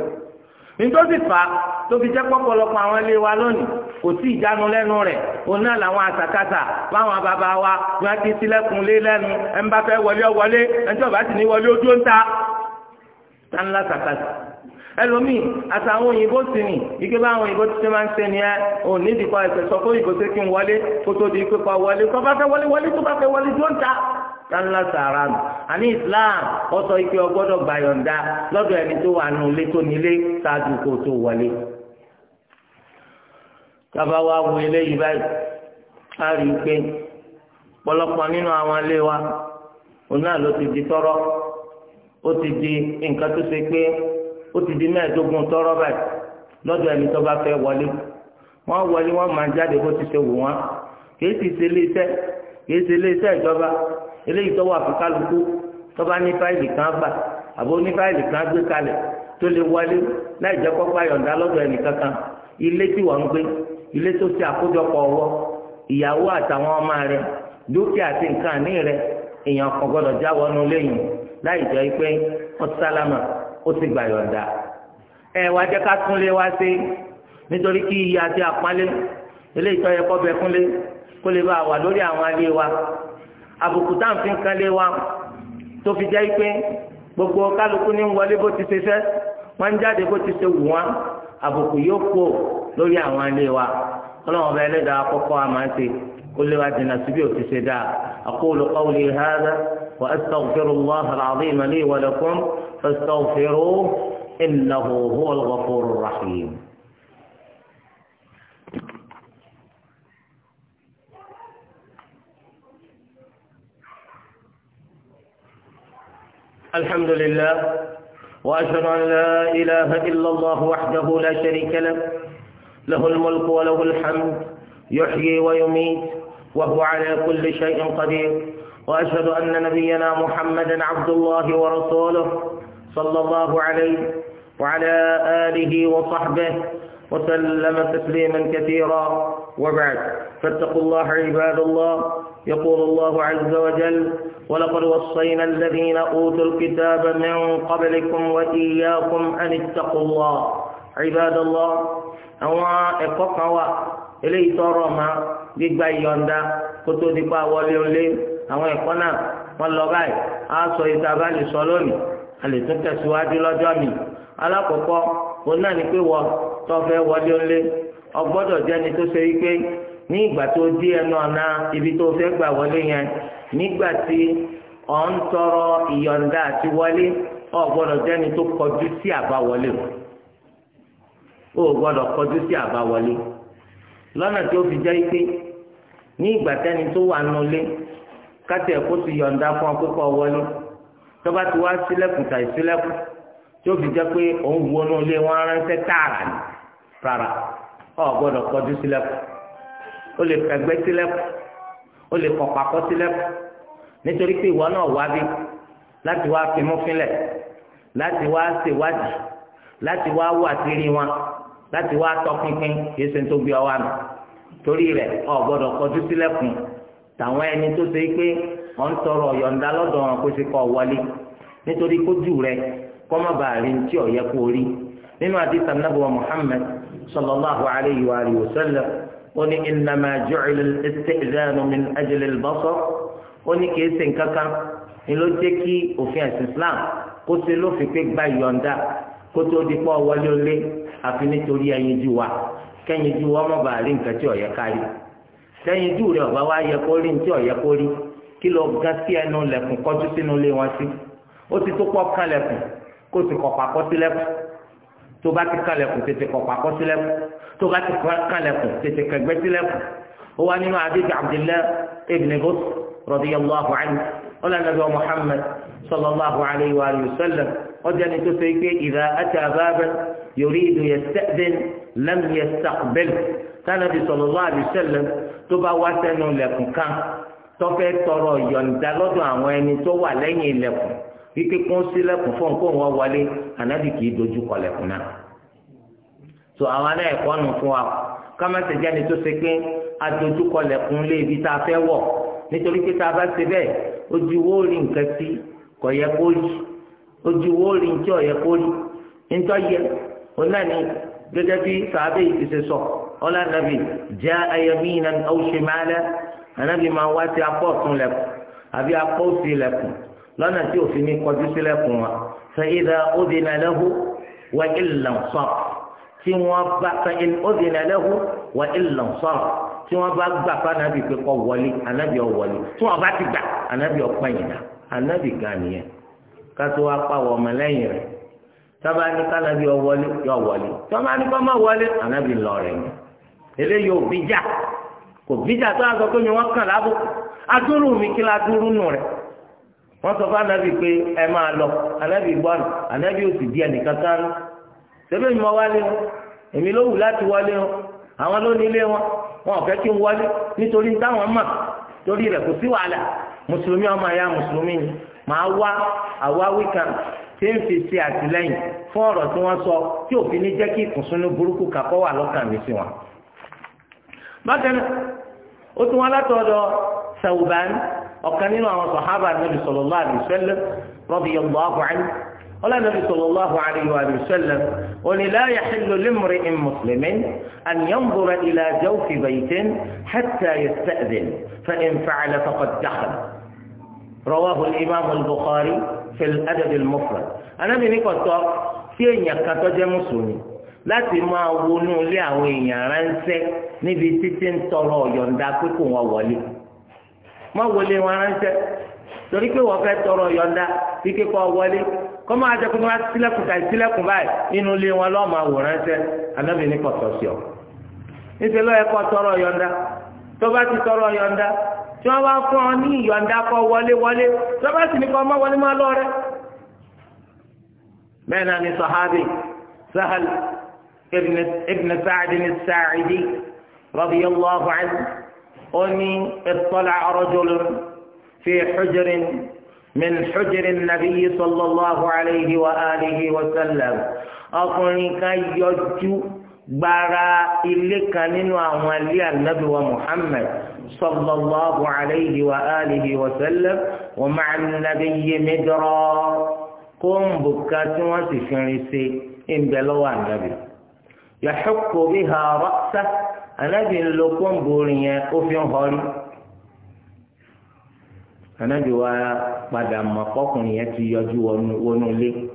nítorí fa tó fi jẹ́ pọ́pọ́lọpọ̀ àwọn ilé wa lónìí kò sí ìjánu lẹ́nu rẹ̀ òun náà làwọn àsàkàsà báwọn bàbá wa ni wọ́n ti sílẹ̀kùn lé lẹ́nu ẹ̀ ń bá fẹ́ wọlé ọwọlé ẹ̀ ń tí ọ̀bá sì ní wọlé ojú ń ta tá ńlá sàkàsà ẹlòmíì àtàwọn òyìnbó sì ní ike báwọn òyìnbó ti ṣe máa ń ṣe ni ẹ ò ní ìdìpọ̀ ẹ̀sẹ̀ sọ fún òyìnbó ṣe wọlé kó tó di pípa wọlé tó bá fẹ́ wọlé wọlé tó bá fẹ́ wọlé tó ń ta kánlá sàrà nù àní islam ọsọ ike ọgbọ́dọ̀ gbàyọ̀ǹda lọ́dọ̀ ẹni tó wà nù ilé tó nílé ṣáájú kó tó wọlé tábà wá wo eléyìí báyìí á rí i pé pọ̀lọpọ̀ nínú àwọn ilé wa òun náà ló ti di tọrọ ó ti di nǹkan tó ṣe pé ó ti di mẹ́ẹ̀ẹ́dógún tọrọ báyìí lọ́dọ̀ ẹni tó bá fẹ́ wọlé wọ́n wọlé wọ́n máa jáde bó ti ṣe wù wọ́n kì í sì ṣe ilé kìí ṣe iléeṣẹ́ ìjọba eléyìí tó wà fún kálukú tó bá ní fáìlì kan gbà àbó ní fáìlì kan gbé kalẹ̀ tó lè wọlé láì jẹ́ kó gba yọ̀ǹda lọ́dọ̀ ẹnìkankan ilé tí wọ́n ń gbé ilé tó ṣe àkójọpọ̀ ọwọ́ ìyàwó àtàwọn ọmọ rẹ dúkìá àti nǹkan àní rẹ èèyàn kan gbọ́dọ̀ já nu léyìn láì jẹ́ pé ó sálámà ó ti gbà yọ̀ǹda ẹ wá jẹ́ ká túnlé wá sí nítorí kí iye àti àpálẹ́ eléyìí tó yẹ kó bẹ fúnlé kó lè bá wà lórí àwọn alé wa àbùkù tá à ń fi kan lé wa tó fi jẹ́ pé gbogbo kálukú ní wọlé bó ti ṣe fẹ́ wọ́n ń jáde bó ti ṣe wù wọ́n àbùkù yóò kó lórí àwọn alé wa ọlọ́run ọba ẹlẹ́dàá kọ́kọ́ àmà ń ṣe kó lè wá dènà síbi òtí ṣe dáa aqulu qawli hadha wa astaghfirullah al-azim li wa lakum fastaghfiruhu innahu huwal ghafurur rahim. الحمد لله وأشهد أن لا إله إلا الله وحده لا شريك له له الملك وله الحمد يحيي ويميت وهو على كل شيء قدير وأشهد أن نبينا محمدا عبد الله ورسوله صلى الله عليه وعلى آله وصحبه وسلم تسليما كثيرا وبعد فاتقوا الله عباد الله يقول الله عز وجل ولقد وصينا الذين أوتوا الكتاب من قبلكم وإياكم أن اتقوا الله عباد الله أو إقوى إلي ترى ما gbígba ìyọ̀ǹda kó tó di pa wọlé olé àwọn ẹ̀kọ́ náà wọ́n lọ báyìí á sọ ìta bá lè sọ lónìí a lè tún tẹ̀síwájú lọ́jọ́ mi alákọ̀ọ́kọ́ òun náà ni pé wọ tó fẹ́ wọlé olé ọgbọ́dọ̀ jẹ́ni tó ṣe wípé ní ìgbà tó dé ẹnu ọ̀nà ibi tó fẹ́ gbà wọlé yẹn nígbà tí ọ̀ ń tọrọ ìyọ̀ǹda àti wọlé ọ̀ gbọ́dọ̀ jẹ́ni tó kọjú sí àbáwọlé o ò gbọ́dọ̀ kọjú sí àbáwọlé lọ́nà tí ó fi jẹ́ pé ní ìgbà tẹ́ni tó wà nulẹ̀ kátẹ kó ti yọ̀ǹda fún ọ pé kọ́ wọlé tọ́ba ti wá sílẹ̀kùn tàì sílẹ̀kùn tí ó fi jẹ́ pé òun wọnú ilé wọn ránṣẹ́ tààrà ni rárá ọ̀ gbọ́dọ̀ kọjú sílẹ̀kùn ó lè fẹ̀gbẹ́ sílẹ̀kùn ó lè kọ̀ pàkọ́ sílẹ̀kùn nítorí pé ìwọ náà wá bí láti wá fimú fínlẹ̀ láti wá ṣèwádìí láti wá wà sírí wọn láti wá tọpinpin kì í ṣe tó gbé ọwọ́ àná torí rẹ̀ o gbọ́dọ̀ kọjú sílẹ̀kùn tàwọn ẹni tó ṣe pé ọ̀ ń tọrọ ọ̀yọ̀ǹda lọ́dọ̀ wọn kó ṣe kọ́ wọlé nítorí kójú rẹ̀ kọ́mọ́ bá rí tí ò yẹ kó rí nínú àdìsàn nàbọ̀ Muhammad sallallahu alayhi wa sallam ó ní innama ju'ila al-istidhanu min ajli al-basar ó ní kìí ṣe nǹkan kan ni ló jẹ́ kí òfin ẹ̀sìn Islam kó ṣe lófin pé gba yọ̀ǹda kó tó di pọ́ wọlé olé àfi nítorí ẹyinjú wa kẹyinjú wa má bàa rí nǹkan tí ó yẹ ká rí kẹyinjú rẹ̀ ọ̀bá wa yẹ kó rí ní tí ó yẹ kó ẹnu lẹ̀kùn kọjú sínú ilé wọn sí ó ti tó pọ́ kán lẹ̀kùn kó sì kọ̀ pàkọ́ sí lẹ̀kùn tó bá ti kalẹ̀kùn tètè kọ̀pá kọ́ sílẹ̀kùn tó bá ti kalẹ̀kùn tètè kẹgbẹ́ sílẹ̀kùn ó wá nínú adéjì abdullahi ibn bus radiyallahu anhu ọ̀là nàbẹ́ muhammad sallallahu alayhi wa sallam ọjà ni tó sẹ́yìn pé ìdá ata baban yuridu yasta'dhin lam yastaqbil tánàbí sallallahu alayhi wa sallam tó bá wá sẹ́nu ilẹ̀kùn kan tó fẹ́ tọrọ ìyọ̀ǹda lọ́dọ̀ àwọn ẹni tó wà lẹ́yìn ilẹ̀kùn wípé kó ń sílẹ̀kùn fún kó wọ́n wọlé ànábì kì í dojú kọlẹ̀kùn náà tó àwọn náà ẹ̀kọ́ nù fún wa kámẹ́sì jáde tó ṣe pé adojú kọlẹ̀kùn lé ibi tá a fẹ́ wọ̀ nítorí pé tá a bá ṣe bẹ́ẹ̀ ojú wo rí nǹkan tí kò yẹ kó rí ojú wo rí nǹkan tí ò yẹ kó rí nǹkan yẹ òun náà ni gẹ́gẹ́ bí sàábẹ́ yìí ti ṣe sọ ọlá nàbì jẹ́ ayẹmí aw shimala ànábì máa wá sí apọ̀ ọ̀tún lẹ̀kùn lọ́nà tí òfin ní kọjú sílẹ̀kùn wa fa idha udhina lahu wa illa sar tí wọ́n bá fa udhina lahu wa illa sar tí wọ́n bá gbà fún anabi pé kọ́ wọlé anabi ọ̀ wọlé tí wọ́n bá ti gbà anabi ọ̀ pẹ̀yìn náà anabi gan nìyẹn kátó wá pa wọ́n mọ́lẹ́yìn rẹ̀ tọ́ba ní kánabi ọ̀ wọlé yọ wọlé tọ́ba ní kọ́ wọlé anabi lọ rẹ̀ ni eléyìí òbí jà kò bí tó a sọ pé wọ́n kàn lábò adúrú mi kí la dúró nù rẹ̀ wọ́n sọ fún anabi pé ẹ máa anabi gbọ́ anabi ò sì di sẹ́bẹ̀ mi máa wálé wọn èmi ló wù láti wálé wọn àwọn ló nílé wọn wọn ò fẹ́ kí n wálé nítorí táwọn mọ̀ torí rẹ̀ kò sí wàhálà mùsùlùmí ọmọ ẹ̀yà mùsùlùmí ni màá wá àwáwí kan tí ń fi ṣe fún ọ̀rọ̀ sọ tí òfin ní jẹ́ kí ìkùnsínú burúkú kakọ́ wà lọ́kàn mi sí wọn. bákan ọ̀kan nínú àwọn sàhábà nàbì sallallahu alaihi wasallam radiyallahu anhu قال النبي صلى الله عليه وآله وسلم ولا يحل لامرئ مسلم أن ينظر إلى جوف بيت حتى يستأذن فإن فعل فقد دخل رواه الإمام البخاري في الأدب المفرد أنا بني قلت في أن يكتج مسلم láti máa wọnú ilé àwọn èèyàn ránṣẹ́ níbi títí ń tọrọ ọ̀yọ̀ǹda pé kò wọ́n wọlé má wọlé wọn ránṣẹ́ torí pé wọ́n fẹ́ tọrọ yọ̀ǹda bí kíkọ́ wọlé kọ́ máa jẹ́ kó tó bá sílẹ̀kùn tàì sílẹ̀kùn báyìí nínú ilé wọn lọ́ọ́ máa wò ránṣẹ́ anábì ní kọ̀tọ̀ sí ọ. níṣẹ́ lọ́ọ́ ẹ̀kọ́ tọrọ yọ̀ǹda tó bá ti tọrọ yọ̀ǹda tí wọ́n bá fún ọ ní ìyọ̀ǹda kọ́ wọlé wọlé tó bá sì ní kọ́ má wọlé má lọ rẹ. bẹ́ẹ̀ náà ni sahabi sahal ibn ibn sa'd as-sa'idi radiyallahu أني اطلع رجل في حجر من حجر النبي صلى الله عليه وآله وسلم أقني كي يجو برا إليك ننوى وليا النبي ومحمد صلى الله عليه وآله وسلم ومع النبي مدرا قم بكات وسفرسي إن بلوى النبي يحك بها رأسه anabi ń lo kóńbò orin yẹn ó fi ń họrí anabi wa padà mọ kọkùnrin yẹn ti yọjú wọnú ilé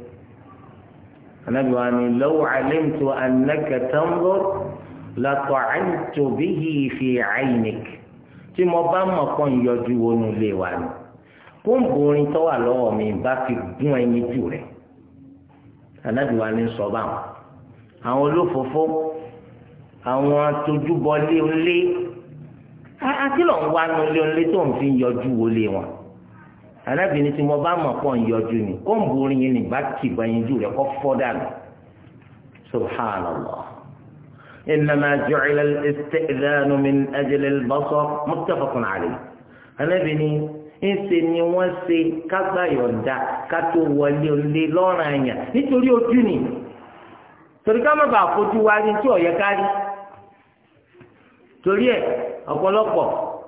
anabi wa ni lọ́wọ́ alimtu anaka tambo latọ̀ àìtòbí yìí fi àìník tí mo bá mọ̀ kọ́ ń yọjú wọnú wa ni kóńbò orin tó mi bá fi gún ẹyin jù rẹ̀ anabi wa ni sọ báwọn àwọn olófòófó àwọn atojúbọlé ńlé àti lọ ń wá nulẹ̀ ńlé tó ń fi yọjú wọlé wọn arábìnrin tí mo bá mọ̀ pọ̀ ń yọjú ni kó ń borin yẹn nígbà tí ìgbàyànjú rẹ̀ kọ́ fọ́ dànù subhanallah. إنما جعل الاستئذان من أجل البصر متفق عليه أنا بني ìṣe ni wọ́n ṣe kágbá yọ̀ǹda ká tó wọlé olè lọ́rùn àyàn nítorí ojú ni torí ká torí ẹ̀ ọ̀pọ̀lọpọ̀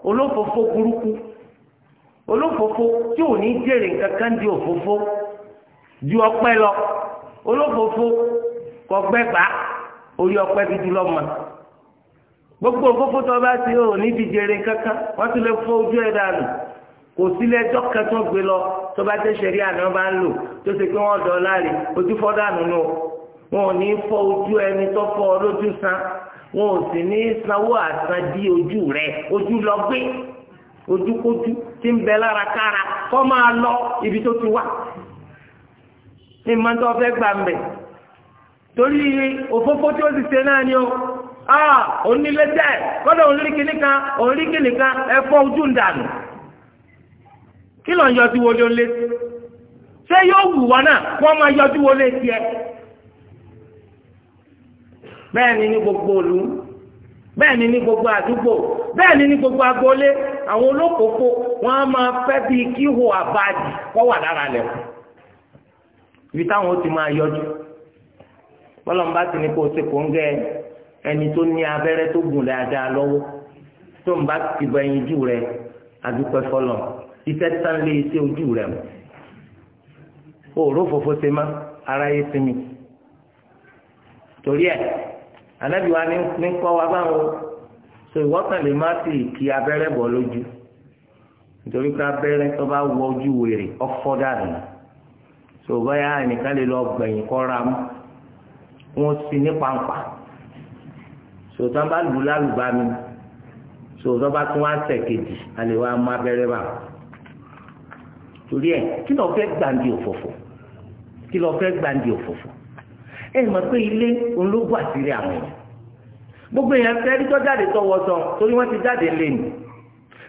olófòófó burúkú olófòófó tí ò ní jèrè kankan di òfófó ju ọpẹ́ lọ olófòófó kọgbẹ bá orí ọpẹ́ gidi lọmọ gbogbo òfófó tó bá ti ò ní di jèrè kankan wọn ti lè fọ́ ojú ẹ̀ dànù kò sílẹ̀ ẹjọ́ kẹtọ́ gbé lọ tó bá tẹ́ sẹ́rí àná bá ń lò tó ṣe pé wọ́n dọ̀ láre ojú fọ́ dànù nù wọn ò ní fọ́ ojú ẹni tó fọ́ ọ lójú san wọn ò sì ní sanwó àsan di ojú rẹ ojú lọ gbé ojúkójú tí ń bẹ lára kára kọ́ máa lọ ibi tó ti wá ní mọ́tò fẹ́ gbà ń bẹ̀ torí òfófó tí ó ti ṣe náà ni ó ah onílé tẹ kọ́dọ̀ oníríkì nìkan oníríkì nìkan ẹ fọ́ ojú ń dànù kí ló ń yọjú wọlé ṣé yóò wù náà wọ́n máa yọjú wọlé tiẹ̀. bẹ́ẹ̀ ni ní gbogbo òlu bẹ́ẹ̀ ni ní gbogbo àdúgbò bẹ́ẹ̀ ni ní gbogbo agboolé àwọn olókòókò wọ́n á máa fẹ́ bíi kíhò àbájì kọ́ wà lára lẹ̀ ibi táwọn ó ti máa yọjú bọ́lọ́mbà ti ní kó o ṣe kó ń gẹ ẹni tó ní abẹ́rẹ́ tó gùn dáadáa lọ́wọ́ tó ń bá ti bọ ẹyin jù rẹ àdúpẹ́ fọlọ́ iṣẹ́ tán lé iṣẹ́ ojú rẹ o òró fòfo ṣe má ara yé sinmi torí ẹ̀ ànábì wa ní kọ́ wa báwo so ìwọ́sàn lè má sì kí abẹ́rẹ́ bọ̀ lójú nítorí pé abẹ́rẹ́ tó bá wọ ojú wèrè ọ̀fọ́ dànù so báyà nìkan lè lọ gbẹ̀yìn kọ́ra mú wọn sì ní pàǹpà so tó bá lù lálùbami so tó bá tún wá sẹ̀ kejì àlè wa má abẹ́rẹ́ bá torí ẹ̀ kí lọ́ọ́ fẹ́ gbàǹdì òfòfò kí lọ́ọ́ fẹ́ gbàǹdì òfòfò ẹ mọ̀ pé ilé òun ló gbọ́ àtìrí àwọn èèyàn gbogbo èèyàn fẹ́ rí tó jáde tó wọ́sọ torí wọ́n ti jáde lé ni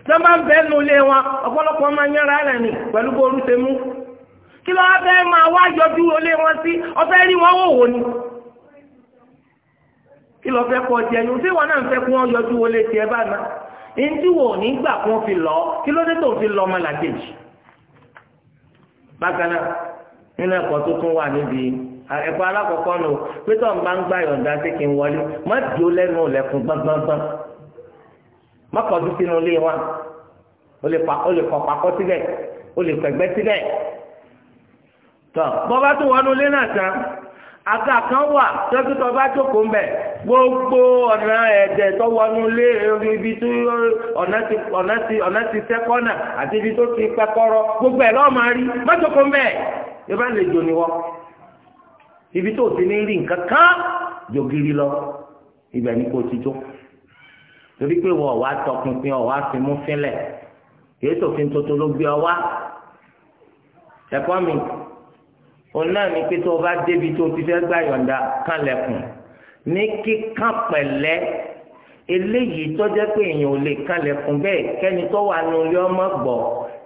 tó máa ń bẹ́ẹ̀ nu ilé wọn ọ̀pọ̀lọpọ̀ máa ń yára rẹ̀ ni pẹ̀lú bó orú ṣe mú kí ló wá fẹ́ máa wá yọjú olé wọn sí ọfẹ́ rí wọn wò wò ni kí ló fẹ́ kọ́ jẹ ní ṣé wọn náà fẹ́ kí wọ́n yọjú olé tiẹ̀ bá ná ẹnití wò ní gbà kí wọ́n fi lọ kí ló dé tó fi lọ ọmọ bákan náà nínú ẹ̀kọ́ tuntun wà níbi ẹ̀kọ́ alákọ̀ọ́kọ́ nù pété ọ̀n bá ń gbà yọ̀ǹda sí kí n wọlé má di ó lẹ́nu lẹ́kùn gbọ́ngbọ́ngbọ́n má kọjú sínú ilé wa ó lè kọ́ pakọ́ sílẹ̀ ó lè pẹ̀gbẹ́ sílẹ̀ tọ́ bọ́bá tó wọnú ilé náà tán àga kan wà dókítà bá jókòó ń bẹ̀ gbogbo ọ̀nà ẹ̀jẹ̀ tó wọnú ilé ibi tí ọ̀nà ti sẹ́kọ́nà àti ibi tó ti pẹ́kọ́rọ́ gbogbo ẹ̀ lọ́ọ́ máa rí má jókòó ń yóò bá lè jò níwọ́ ibi tó ti ní rí nǹkan ká jògiri lọ ibẹ̀ ní kò ti jó torí pé wọ́n wá tọpinpin ọ̀wá fi mú fínlẹ̀ kìí sòfin tuntun ló gbé ọ wá ẹ̀kọ́ mi òun náà ní pé tó o bá débi tó o ti fẹ́ gbà yọ̀ǹda kánlẹ̀kùn ní kíkàn pẹ̀lẹ́ eléyìí tọ́jẹ́ pé èèyàn ò lè kánlẹ̀kùn bẹ́ẹ̀ kẹ́ni tó wà nù ilé ọmọ gbọ́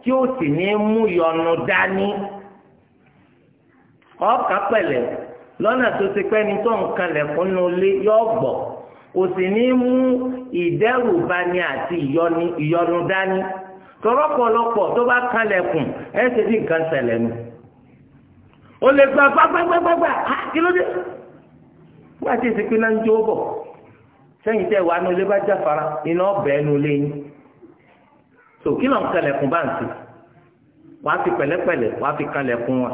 tí ó sì ní mú yọnu dání ọkàn pẹ̀lẹ́ lọ́nà tó ti pẹ́ ni tó nǹkan lẹ̀kún nu lé yọ gbọ̀ kò sì ní mú ìdẹ́rùbani àti ìyọnu dání tọ́rọ́pọ̀lọpọ̀ tó bá kan lẹ̀kùn ẹ̀ ṣe bí nǹkan ṣẹlẹ̀ nu o lè gba gbàgbàgbàgbà kí ló dé wọ́n ti sèpé náà ń jó bọ̀ sẹ́yìn tẹ́ wàá nulẹ̀ bá jáfara iná ọbẹ̀ nulẹ̀ yín tó kí ló ń kalẹ̀kùn bá ń sè wàá fi pẹ̀lẹ́pẹ̀lẹ́ wàá fi kalẹ̀kùn wa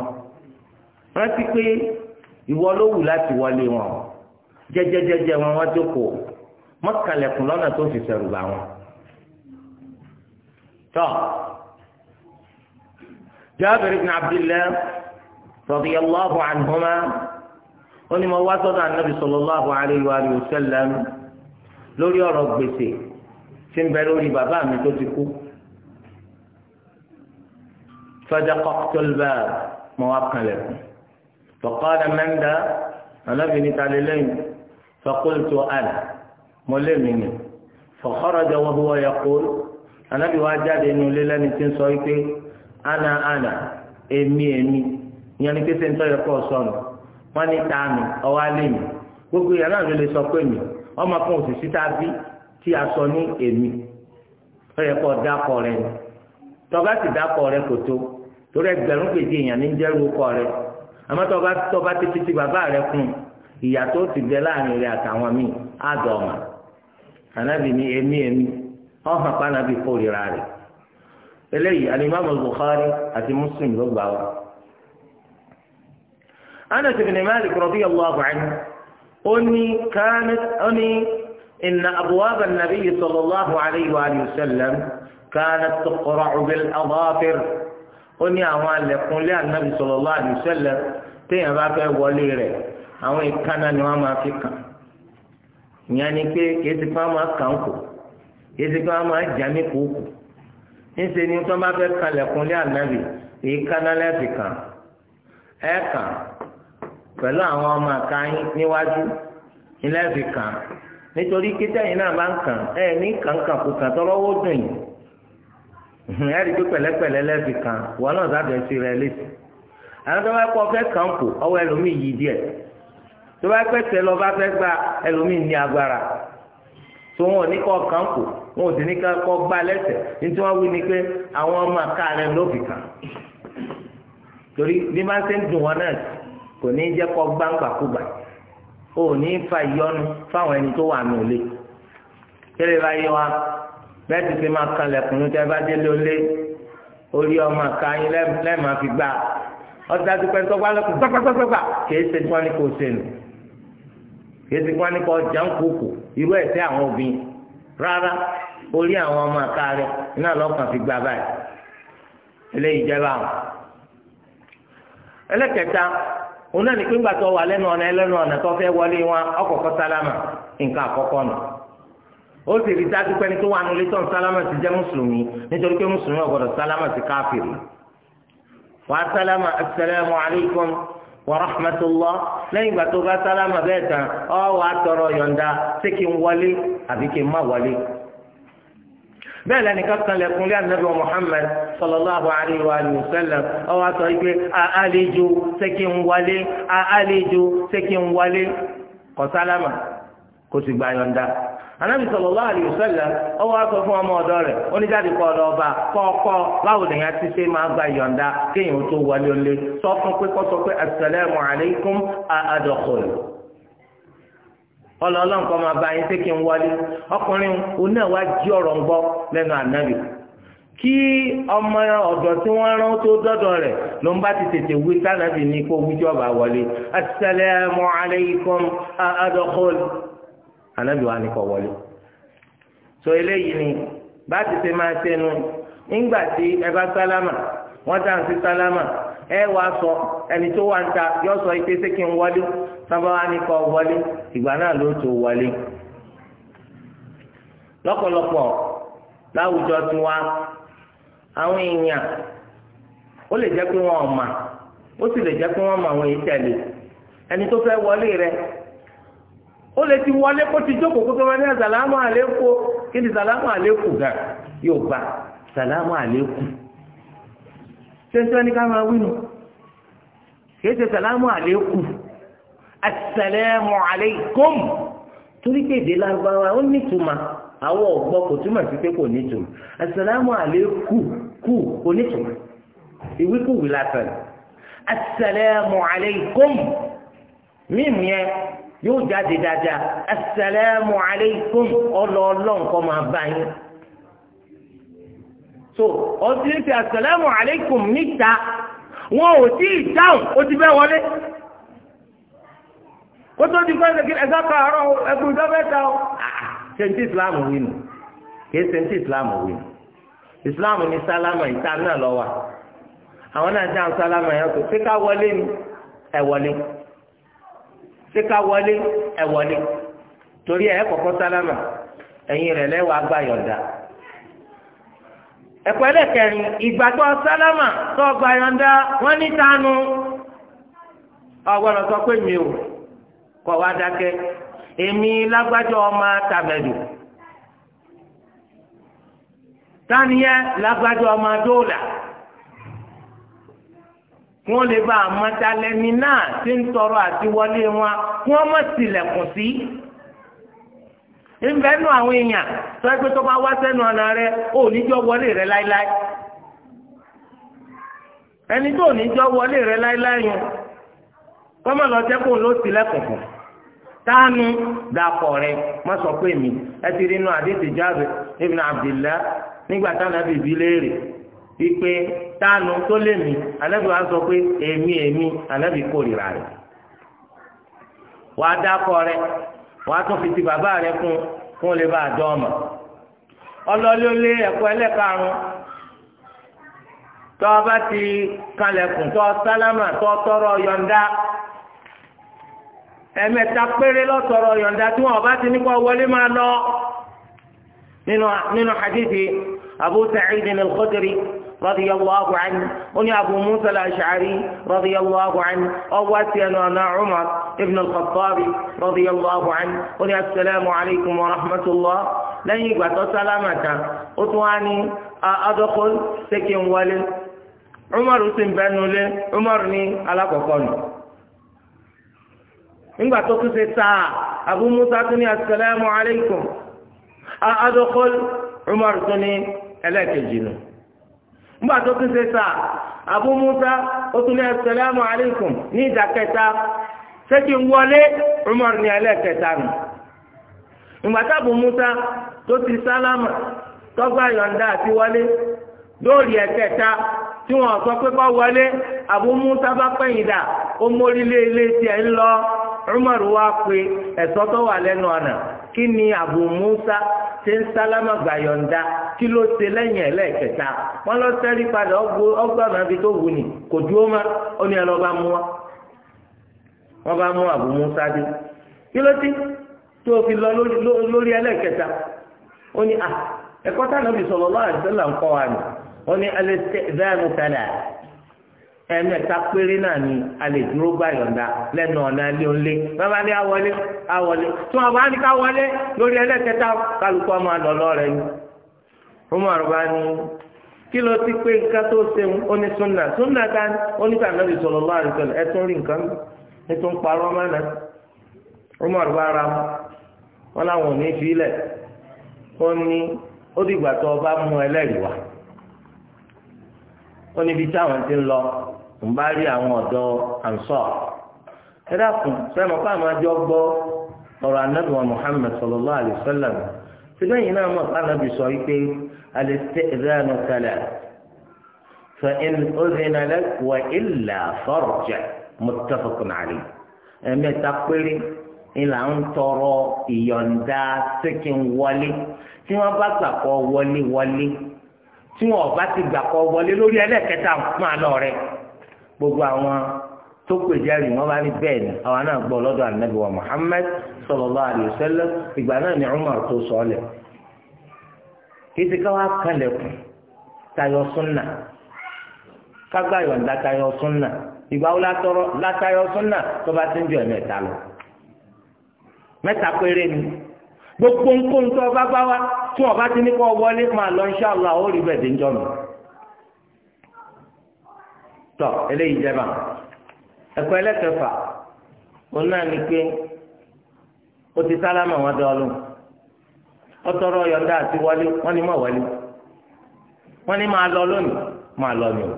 rántí pé ìwọ ló wù láti wọlé wọn jẹjẹjẹjẹ wọn wọn jókòó mọ́kànlẹ̀kùn lọ́nà tó fi sẹ̀rù bá wọn. tọ́ Jabir ibn Abdillah radiyallahu anhuma wọ́n ní mo wá sọ́dọ̀ anabi sallallahu alayhi wa sallam lórí ọ̀rọ̀ gbèsè tí ń bẹ lórí bàbá mi tó ti kú. fadaqaqtu al-bab mo wá فقال من ذا أنا بني تعليلين فقلت أنا ملمني فخرج وهو يقول أنا بواجد إنه ليلة تنسويك أنا أنا إمي إمي يعني كيف أنت يقول صنع وأني تامي أو عليمي gbogbo yàrá àwọn ilé sọ pé mi ọmọ kan ò sì sí tábí tí a sọ ní èmi ó yẹ kó dákọ rẹ ni tọ́ba sì dákọ rẹ kò tó torí ẹgbẹ̀rún kejì èèyàn ní jẹ́rú kọ rẹ àmọ́ tọba tọba títí ti bàbá rẹ kún ìyàtọ̀ ti bẹ láàrin rẹ àtàwọn míì àdọ̀ ọ̀mà ànábì ní èmi èmi ọ̀hàn pànàbì kórìíra rẹ̀ eléyìí alimami Bukhari àti mùsùlùmí ló gbà wá. ana Anas ibn Malik radiyallahu anhu ó ní kánit ó ní inna abwaaba an-nabiy sallallahu alayhi wa sallam kánit tuqra'u bil-adhafir. ó ní àwọn alẹ̀kùnlé ànábì sallallahu alaihi wasallam téèyàn bá fẹ́ wọlé rẹ̀ àwọn ìkànnà ni wọ́n máa fi kàn ìyẹn ni pé kìí ti pé wọ́n máa kàn kù kìí ti pé wọ́n máa jà ní kùkù ńṣe ni tó bá fẹ́ kan lẹ̀kùnlé ànábì ìkànnà lẹ́ẹ̀fì kàn ẹ̀ kàn pẹ̀lú àwọn ọmọ àkàyìn níwájú ilẹ̀ kàn nítorí kíkẹ́yìn náà bá ń kàn ẹ̀ ní kàńkàkù kàn tọ́lọ́wọ́ dùn yìí ẹ̀rí pé pẹ̀lẹ́pẹ̀lẹ́ lẹ́bi kan wọn náà sábẹ̀ ń ṣe rẹ létí àwọn tó bá kọ́ fẹ́ kàn kù ọwọ́ ẹlòmíì yìí díẹ̀ tó bá pẹ́ tẹ lọ bá fẹ́ gba ẹlòmíì ní agbára tó wọn ò ní kọ́ kàn kù wọn ò sì ní kọ́ gbá lẹ́sẹ̀ nítorí wọn wí ni pé àwọn ọmọ àká rẹ lóbì kan torí bí máa ń ṣe ń dùn wọn náà kò ní jẹ́ kọ́ gbáǹgbàkúgbà ò ní fa ìyọnu fáwọn ẹni tó wà nù bẹ́ẹ̀ ti fi máa kan lẹ̀kùn tẹ́ bá délé olé orí ọmọ àkàyìn lẹ́ẹ̀ma fi gbà ọ̀sẹ̀ àti pẹ̀lú tọ́gbà lẹ́kùn gbàgbàgbàgbà kìí ṣe tí wọ́n ní kò ṣe nù kìí ṣe tí wọ́n ní kò jà ń kókò irú ẹ̀sẹ̀ àwọn obìnrin rárá orí àwọn ọmọ àká rẹ̀ iná lọ́kàn fi gbà báyìí eléyìí jẹ́bà wọn. ẹlẹ́kẹta òun pínpàtọ́ wà lẹ́nu ọ̀nà ẹlẹ́nu ọ̀nà tó fẹ́ wọlé wọn ọkọ̀ọ̀kọ̀ sálámà ó sì rí dájú pé ẹni tó wà nílé tán sálámà ti jẹ́ mùsùlùmí nítorí pé mùsùlùmí ọ̀gbọ́dọ̀ sálámà ti káfìrì wàá sálámà asalaamu alaykum wa rahmatulah lẹ́yìn ìgbà tó bá sálámà bẹ́ẹ̀ tán ọ wàá tọrọ yọ̀ǹda ṣé kí n wọlé àbí kí n má wọlé bẹ́ẹ̀ lẹ́ni kankan lẹ́kùn lé anabi wa muhammed sallallahu alayhi wa sallam ọwọ́ àtọ́ ìgbé àálejò ṣé kí n wọlé àálejò ṣé kí n wọlé kò sálámà kò sì gbà yọ̀ǹda anabi sallallahu alaihi wasallam ọwọ akọ fún ọmọ ọ̀dọ̀ rẹ̀ oníjáde kọ ọ̀dọ̀ ọba kọọkọ báwo nìyẹn ti ṣe máa gba yọ̀ǹda kéèyàn tó wọlé ọlẹ sọ fún pé kó sọ pé asalaamu alaykum adọkọl ọlọlọ́n kọ́ máa bá yín pé kí n wọlé ọkùnrin òun náà wá jí ọ̀rọ̀ ń gbọ́ lẹ́nu anabi kí ọmọ ọ̀dọ̀ tí wọ́n rán tó dọ́dọ̀ rẹ̀ ló ń bá ti tètè wí sanabi ní kó wíjọba wọlé asalaamu alaykum adọkọl. anábì wa ni kò so eléyìí ni bá ti ṣe máa ṣe nígbà tí ẹ bá sálámà sálámà ẹ wá sọ ẹni tó wà ń ta yọ sọ ike ṣé kí n wọlé sábà wa ni wọlé ìgbà náà ló tó wọlé láwùjọ tiwa àwọn èèyàn ó lè jẹ́ pé wọn ọ̀ mà ó sì lè jẹ́ pé wọ́n mọ àwọn ó lè ti wọlé kó ti jókòó kó tó máa ní àsàlámù àlékù kí ni sàlámù àlékù gà yóò bá sàlámù àlékù tẹ́ntẹ́ ní ká máa wínú kìí ṣe sàlámù àlékù àsàlámù àlékùm torí pé èdè lárúbáwá ó nítumọ̀ àwọn ọ̀gbọ́n kò túmọ̀ sí pé kò nítumọ̀ àsàlámù àlékù kù kò nítumọ̀ ìwíkúwì lásán àsàlámù àlékùm mímu yóò jáde dáadáa asalaamu aleykum ọlọ́ọ̀lọ́n kọ́ máa bá yín. so ọtí ń fi asalaamu aleykum níta wọn ò tí ì dáhùn ó ti bẹ́ wọlé. kótó ti fẹ́ẹ́ sẹ́kí ẹ̀sán kàárọ̀ ẹkùn tó fẹ́ ta ọ. sẹ́ńtì ìsìláàmù wí nù kì í ìsìláàmù wí nù ìsìláàmù ní sálámà ìta náà lọ wà àwọn náà dáhùn sálámà yẹn kò sí wọlé ni ẹ wọlé. ṣé ká wọlé ẹ wọlé torí ẹ kọ́kọ́ sálámà ẹ̀yin rẹ̀ lẹ́wọ̀ agbá yọ̀ǹda ẹ̀kọ́ ẹlẹ́kẹrin ìgbàgbọ́ sálámà tó ọgbà yọ̀ǹda wọ́n ní tánu ọgbọ́dọ̀ sọ pé mi ò kọ̀ wá dákẹ́ èmi lágbájọ́ ọmọ tàmẹ̀dù táníyẹ lágbájọ́ ọmọ dóòlà. wọ́n lè bá àmọ́tálẹ́ni náà tí ń tọrọ àti wọlé wọn kí wọ́n mọ̀ sílẹ̀kùn sí. ìbẹ́nu àwọn èèyàn sọ pé tó bá wá sẹ́nu ọ̀nà rẹ ò ní jọ wọlé rẹ láíláí. ẹni tó ní jọ wọlé rẹ láíláí yẹn kọ́mọ̀ lọ jẹ́kùn ló sílẹ̀kùn fún. tánu dàpọ̀ rẹ má sọ pé mi ẹ ti rí inú àdéhùn jáde ibn Abdillah nígbà táwọn àbí ìbí léèrè. wípé tánu tó lè mi anábì wa sọ pé èmi èmi anábì kórìíra rẹ wàá dákọ rẹ wàá tún fi ti bàbá rẹ kún kún lè bá a dán ọmọ ọlọ́lé ẹ̀kọ́ ẹlẹ́karùn-ún tọ́ ọba ti kalẹ̀kùn tọ́ sálámà tọ́ tọrọ yọ̀ǹda ẹ̀mẹ́ta péré lọ́tọ̀rọ̀ yọ̀ǹda tí wọ́n ọba ti ní kọ́ wọlé máa lọ nínú hadithi Abu Sa'id al-Khudri رضي الله عنه وني أبو موسى الأشعري رضي الله عنه أواتي أنا عمر ابن الخطاب رضي الله عنه وني السلام عليكم ورحمة الله لن يقبط سلامة أطواني أدخل سكن ولي عمر سنبنو لي عمرني على كوكوني nígbà tó tún ṣe sáà abu musa tún ní asalaamu alaykum adókòl umar tún ní ẹlẹ́kẹ̀jì nù nígbà tó tún ṣe sà Abu Musa ó tún ní assalamu alaykum ní ìdákẹta ṣé kí n wọlé Umar ní ẹlẹ́kẹta nù ìgbà tí Abu Musa tó ti sálámà tọ́gbà yọ̀ǹda àti wọlé lórí ẹ̀kẹta tí wọ́n sọ pé kọ́ wọlé Abu Musa bá pẹ̀yìn dà ó mórí lé ilé tiẹ̀ ńlọ. Umar wa pé ẹ̀sọ́ tó wà lẹ́nu kí ni Abu Musa ṣe ń sálámà kí ló ṣe lẹ́yìn ẹ̀ wọn lọ sẹ́rí padà ọgbà màbí tó wù ní kò dúró má ó ní ẹ lọ bá mú wa Abu Musa dé kí ló ti tó o fi lọ lórí ó ní bí ah, ń wa ni ó ní ẹ̀mẹ́ta péré náà ni a lè dúró gbà yọ̀ǹda lẹ́nu ọ̀nà ilé ní awọlé awọlé tí wọn ní ká wọlé lórí ẹlẹ́kẹta kálukú ọmọ àlọ́lọ́ rẹ ni Umar bá ní kí ló ti pé nǹkan tó ṣeun ó ní súnà súnà dání ó ní tàbí ẹbí sọlọ lọ ẹ tún rí nǹkan ẹ tún ọba mú ẹlẹ́rìí wá. ó níbi táwọn ti ń lọ ń bá rí àwọn ọ̀dọ́ ànsọ́ ẹ dákun sẹ́mi ọ̀pá àwọn àjọ gbọ́ ọ̀rọ̀ anábì wa Muhammad sallallahu alayhi wa sallam síbẹ̀ yìí náà mọ̀ anábì sọ wípé al-istidhanu thalatha fa in udhina lak wa illa farji' muttafaqun alayhi ẹ̀mẹ́ta péré ìlà ń tọrọ ìyọ̀ǹda síkìn wọlé tí wọ́n bá gbàgbọ́ wọlé wọlé tí wọn ọba ti gbà kọ wọlé lórí ẹlẹ́kẹta máa lọ rẹ gbogbo àwọn tó pè wọn bá ní bẹ́ẹ̀ ni àwọn náà gbọ́ lọ́dọ̀ ànábì wa Muhammad sallallahu alaihi ìgbà náà ni Umar tó sọ ọ́lẹ̀ kìsì káwá kalẹ̀kùn tayọ súnà gbogbo tí ọba ti ní kọ́ wọlé máa lọ inṣàlá ó rí bẹ́ẹ̀ dé ń jọ mi. tọ́ eléyìí jẹba ẹ̀kọ́ ẹlẹ́kẹ̀fà òun náà ni pé o ti sálámà wọn dọ́ọ̀lù ọtọrọ yọ̀ǹda àti wọlé wọ́n ní má wọlé wọ́n máa lọ lónìí máa lọ ni o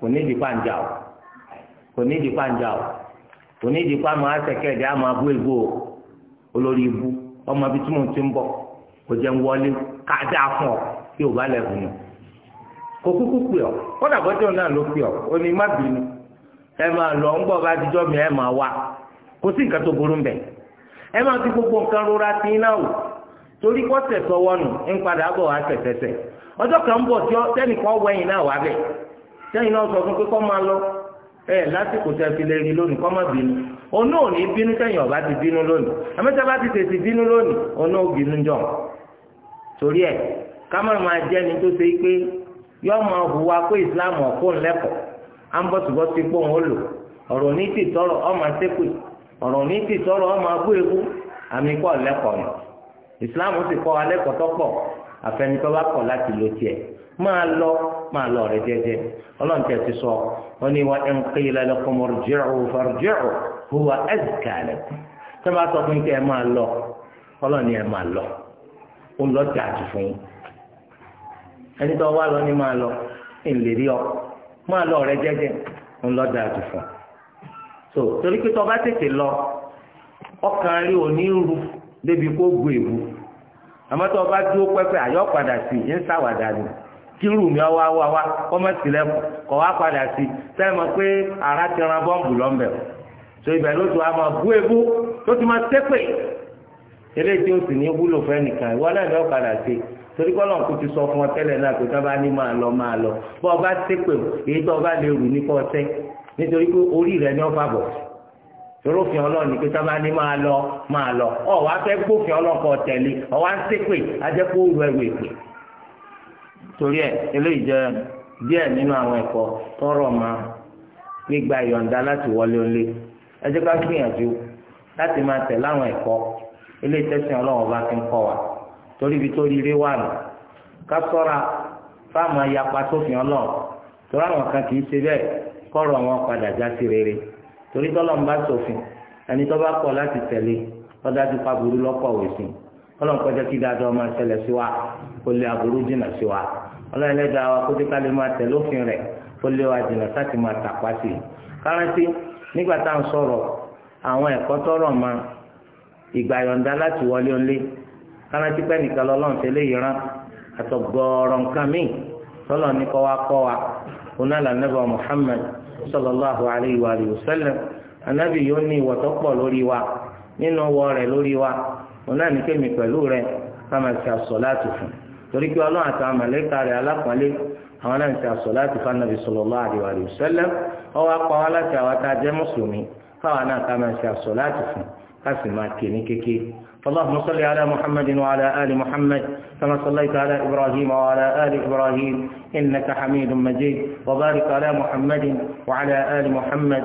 kò ní ìdí pàǹjà o kò ní ìdí pàǹjà o ibu ọmọ kò ń wọlé afọ fún ọ kí ò bá lẹ́kùn yẹn kò kúkú pè ọ kódà bọ́jọ́ náà ló ọ ó ní má bínú ẹ máa lọ ń gbọ́ bá mi ẹ máa wá kò sí nǹkan tó burú bẹ̀ ẹ máa ti gbogbo nǹkan rora ti iná wò torí wọnù ń padà bọ̀ wá ọjọ́ kan ń bọ̀ tí wẹ̀yìn náà wá bẹ̀ tẹ́yìn náà sọ fún pé kọ́ máa lọ torí e kámọ́rù máa jẹ́ ni tó ṣe pé yọ ọmọ hùwà pé islam ọ̀fóun lẹ́kọ̀ọ́ à ń bọ̀tùbọ̀tù pé òun lò ọ̀rọ̀ ní ti tọrọ ọmọ sẹ́kù ọ̀rọ̀ ní ti tọrọ ọmọ agbó ewu àmì kọ́ lẹ́kọ̀ọ́ nù islam sì kọ́ alẹ́kọ̀ọ́ bá kọ̀ láti lo tiẹ̀ máa lọ máa lọ rẹ jẹjẹ wa ó lọ tẹ àjù fún yín ẹni tó wá lọ ní máa lọ ìlérí ọ máa lọ rẹ jẹjẹ ó lọ tẹ àjù fún so torí pé tó bá tètè lọ ọkàn rí onírú débi kó gbó èwu àmọ́ tó bá dúró pẹ́pẹ́ àyọ́ padà sí ń ṣàwàdà ni kírù mi ọwọ́ awọ́ wa kọ́ mọ́ sílẹ̀kùn kọ́ wá padà sí sẹ́yìnmọ́ pé ara ti ran bọ́ǹbù lọ́mbẹ̀ so ibẹ̀ ló tó a máa bú ebú tó ti máa ṣépè eléyìí tí ó sì ní wúlò fẹ́ nìkan ìwọ náà ní ọ̀kadà sí torí kọ́ lọ́nkù ti sọ fún ọ tẹ́lẹ̀ náà pé tábà ní máa lọ máa lọ bọ́ ọba ṣépè èyí tó ọba lè rù nípa ọtẹ́ nítorí pé orí rẹ ní ọba bọ̀ torófin ọlọ́run ni pé tábà ní máa lọ máa lọ ọ wá fẹ́ gbófin ọlọ́kọ̀ tẹ̀lé ọ wá ń ṣépè ajẹ́pọ̀ òru ẹ̀rù èpè torí ẹ eléyìí jẹ díẹ̀ nínú àwọn ẹ̀kọ́ tọrọ ma gbígba ìyọ̀ǹda láti wọlé ọlé ẹ ká gbìyànjú láti máa tẹ̀ láwọn ẹ̀kọ́ ilé ìtẹ̀sìn ọlọ́wọ́n bá ti ń kọ́ wa torí ibi tó rire wà nù ká sọ́ra fáàmù ayapa sófin ọlọ́wọ́ torí àwọn kan kì í ṣe bẹ́ẹ̀ kọ́rọ̀ wọn padà já sí rere torí tọ́lọ́ ń bá sófin ẹni tó bá kọ̀ láti tẹ̀lé lọ́dájú pa burú lọ́pọ̀ òsìn ọlọ́run kọjá kí dáadọ́ máa ṣẹlẹ̀ sí wa kó lè aburú jìnnà sí wa ọlọ́run ẹlẹ́dàá wa kó dékàlè máa tẹ̀ lófin rẹ̀ kó lè wa jìnnà sáti máa tàpá sí i. kárántì nígbà tá sọ̀rọ̀ àwọn ẹ̀kọ́ tọ́rọ̀ máa ìgbà yọ̀ǹda láti wọlé ọ̀lẹ́ kárántí pẹ́ nìkan lọ́lọ́run tẹ́lẹ̀ yìí rán àtọ̀gọ́ọ̀rọ̀ nǹkan míì tọ́lọ̀ ní kọ́ wa kọ́ wa oná lànàbà Muhammad sallallahu alayhi wa sallam anábì yóò ní ìwọ̀ tó pọ̀ lórí wa nínú wọ rẹ̀ lórí wa oná ní kémi pẹ̀lú rẹ̀ fámàsì àsọ̀ láti fún torí pé ọlọ́run àtàwọn mọ̀lẹ́ka rẹ̀ alápọ̀nlé àwọn náà ń ṣe àsọ̀ láti fún anábì sallallahu alayhi wa sallam ọwọ́ apá wa láti قسمة كينيكيكي فاللهم صل على محمد وعلى آل محمد كما صليت على إبراهيم وعلى آل إبراهيم إنك حميد مجيد وبارك على محمد وعلى آل محمد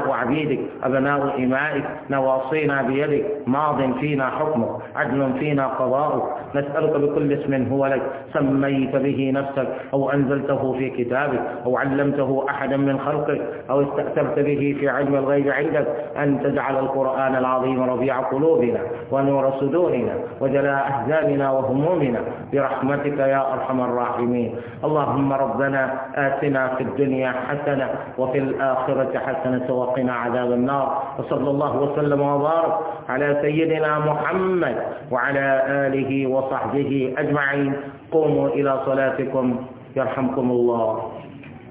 عبيدك أبناء إمائك نواصينا بيدك ماض فينا حكمك عدل فينا قضاؤك نسألك بكل اسم هو لك سميت به نفسك أو أنزلته في كتابك أو علمته أحدا من خلقك أو استأثرت به في علم الغيب عندك أن تجعل القرآن العظيم ربيع قلوبنا ونور صدورنا وجلاء أحزابنا وهمومنا برحمتك يا أرحم الراحمين اللهم ربنا آتنا في الدنيا حسنة وفي الآخرة حسنة وقنا وقنا عذاب النار وصلى الله وسلم وبارك على سيدنا محمد وعلى آله وصحبه أجمعين قوموا إلى صلاتكم يرحمكم الله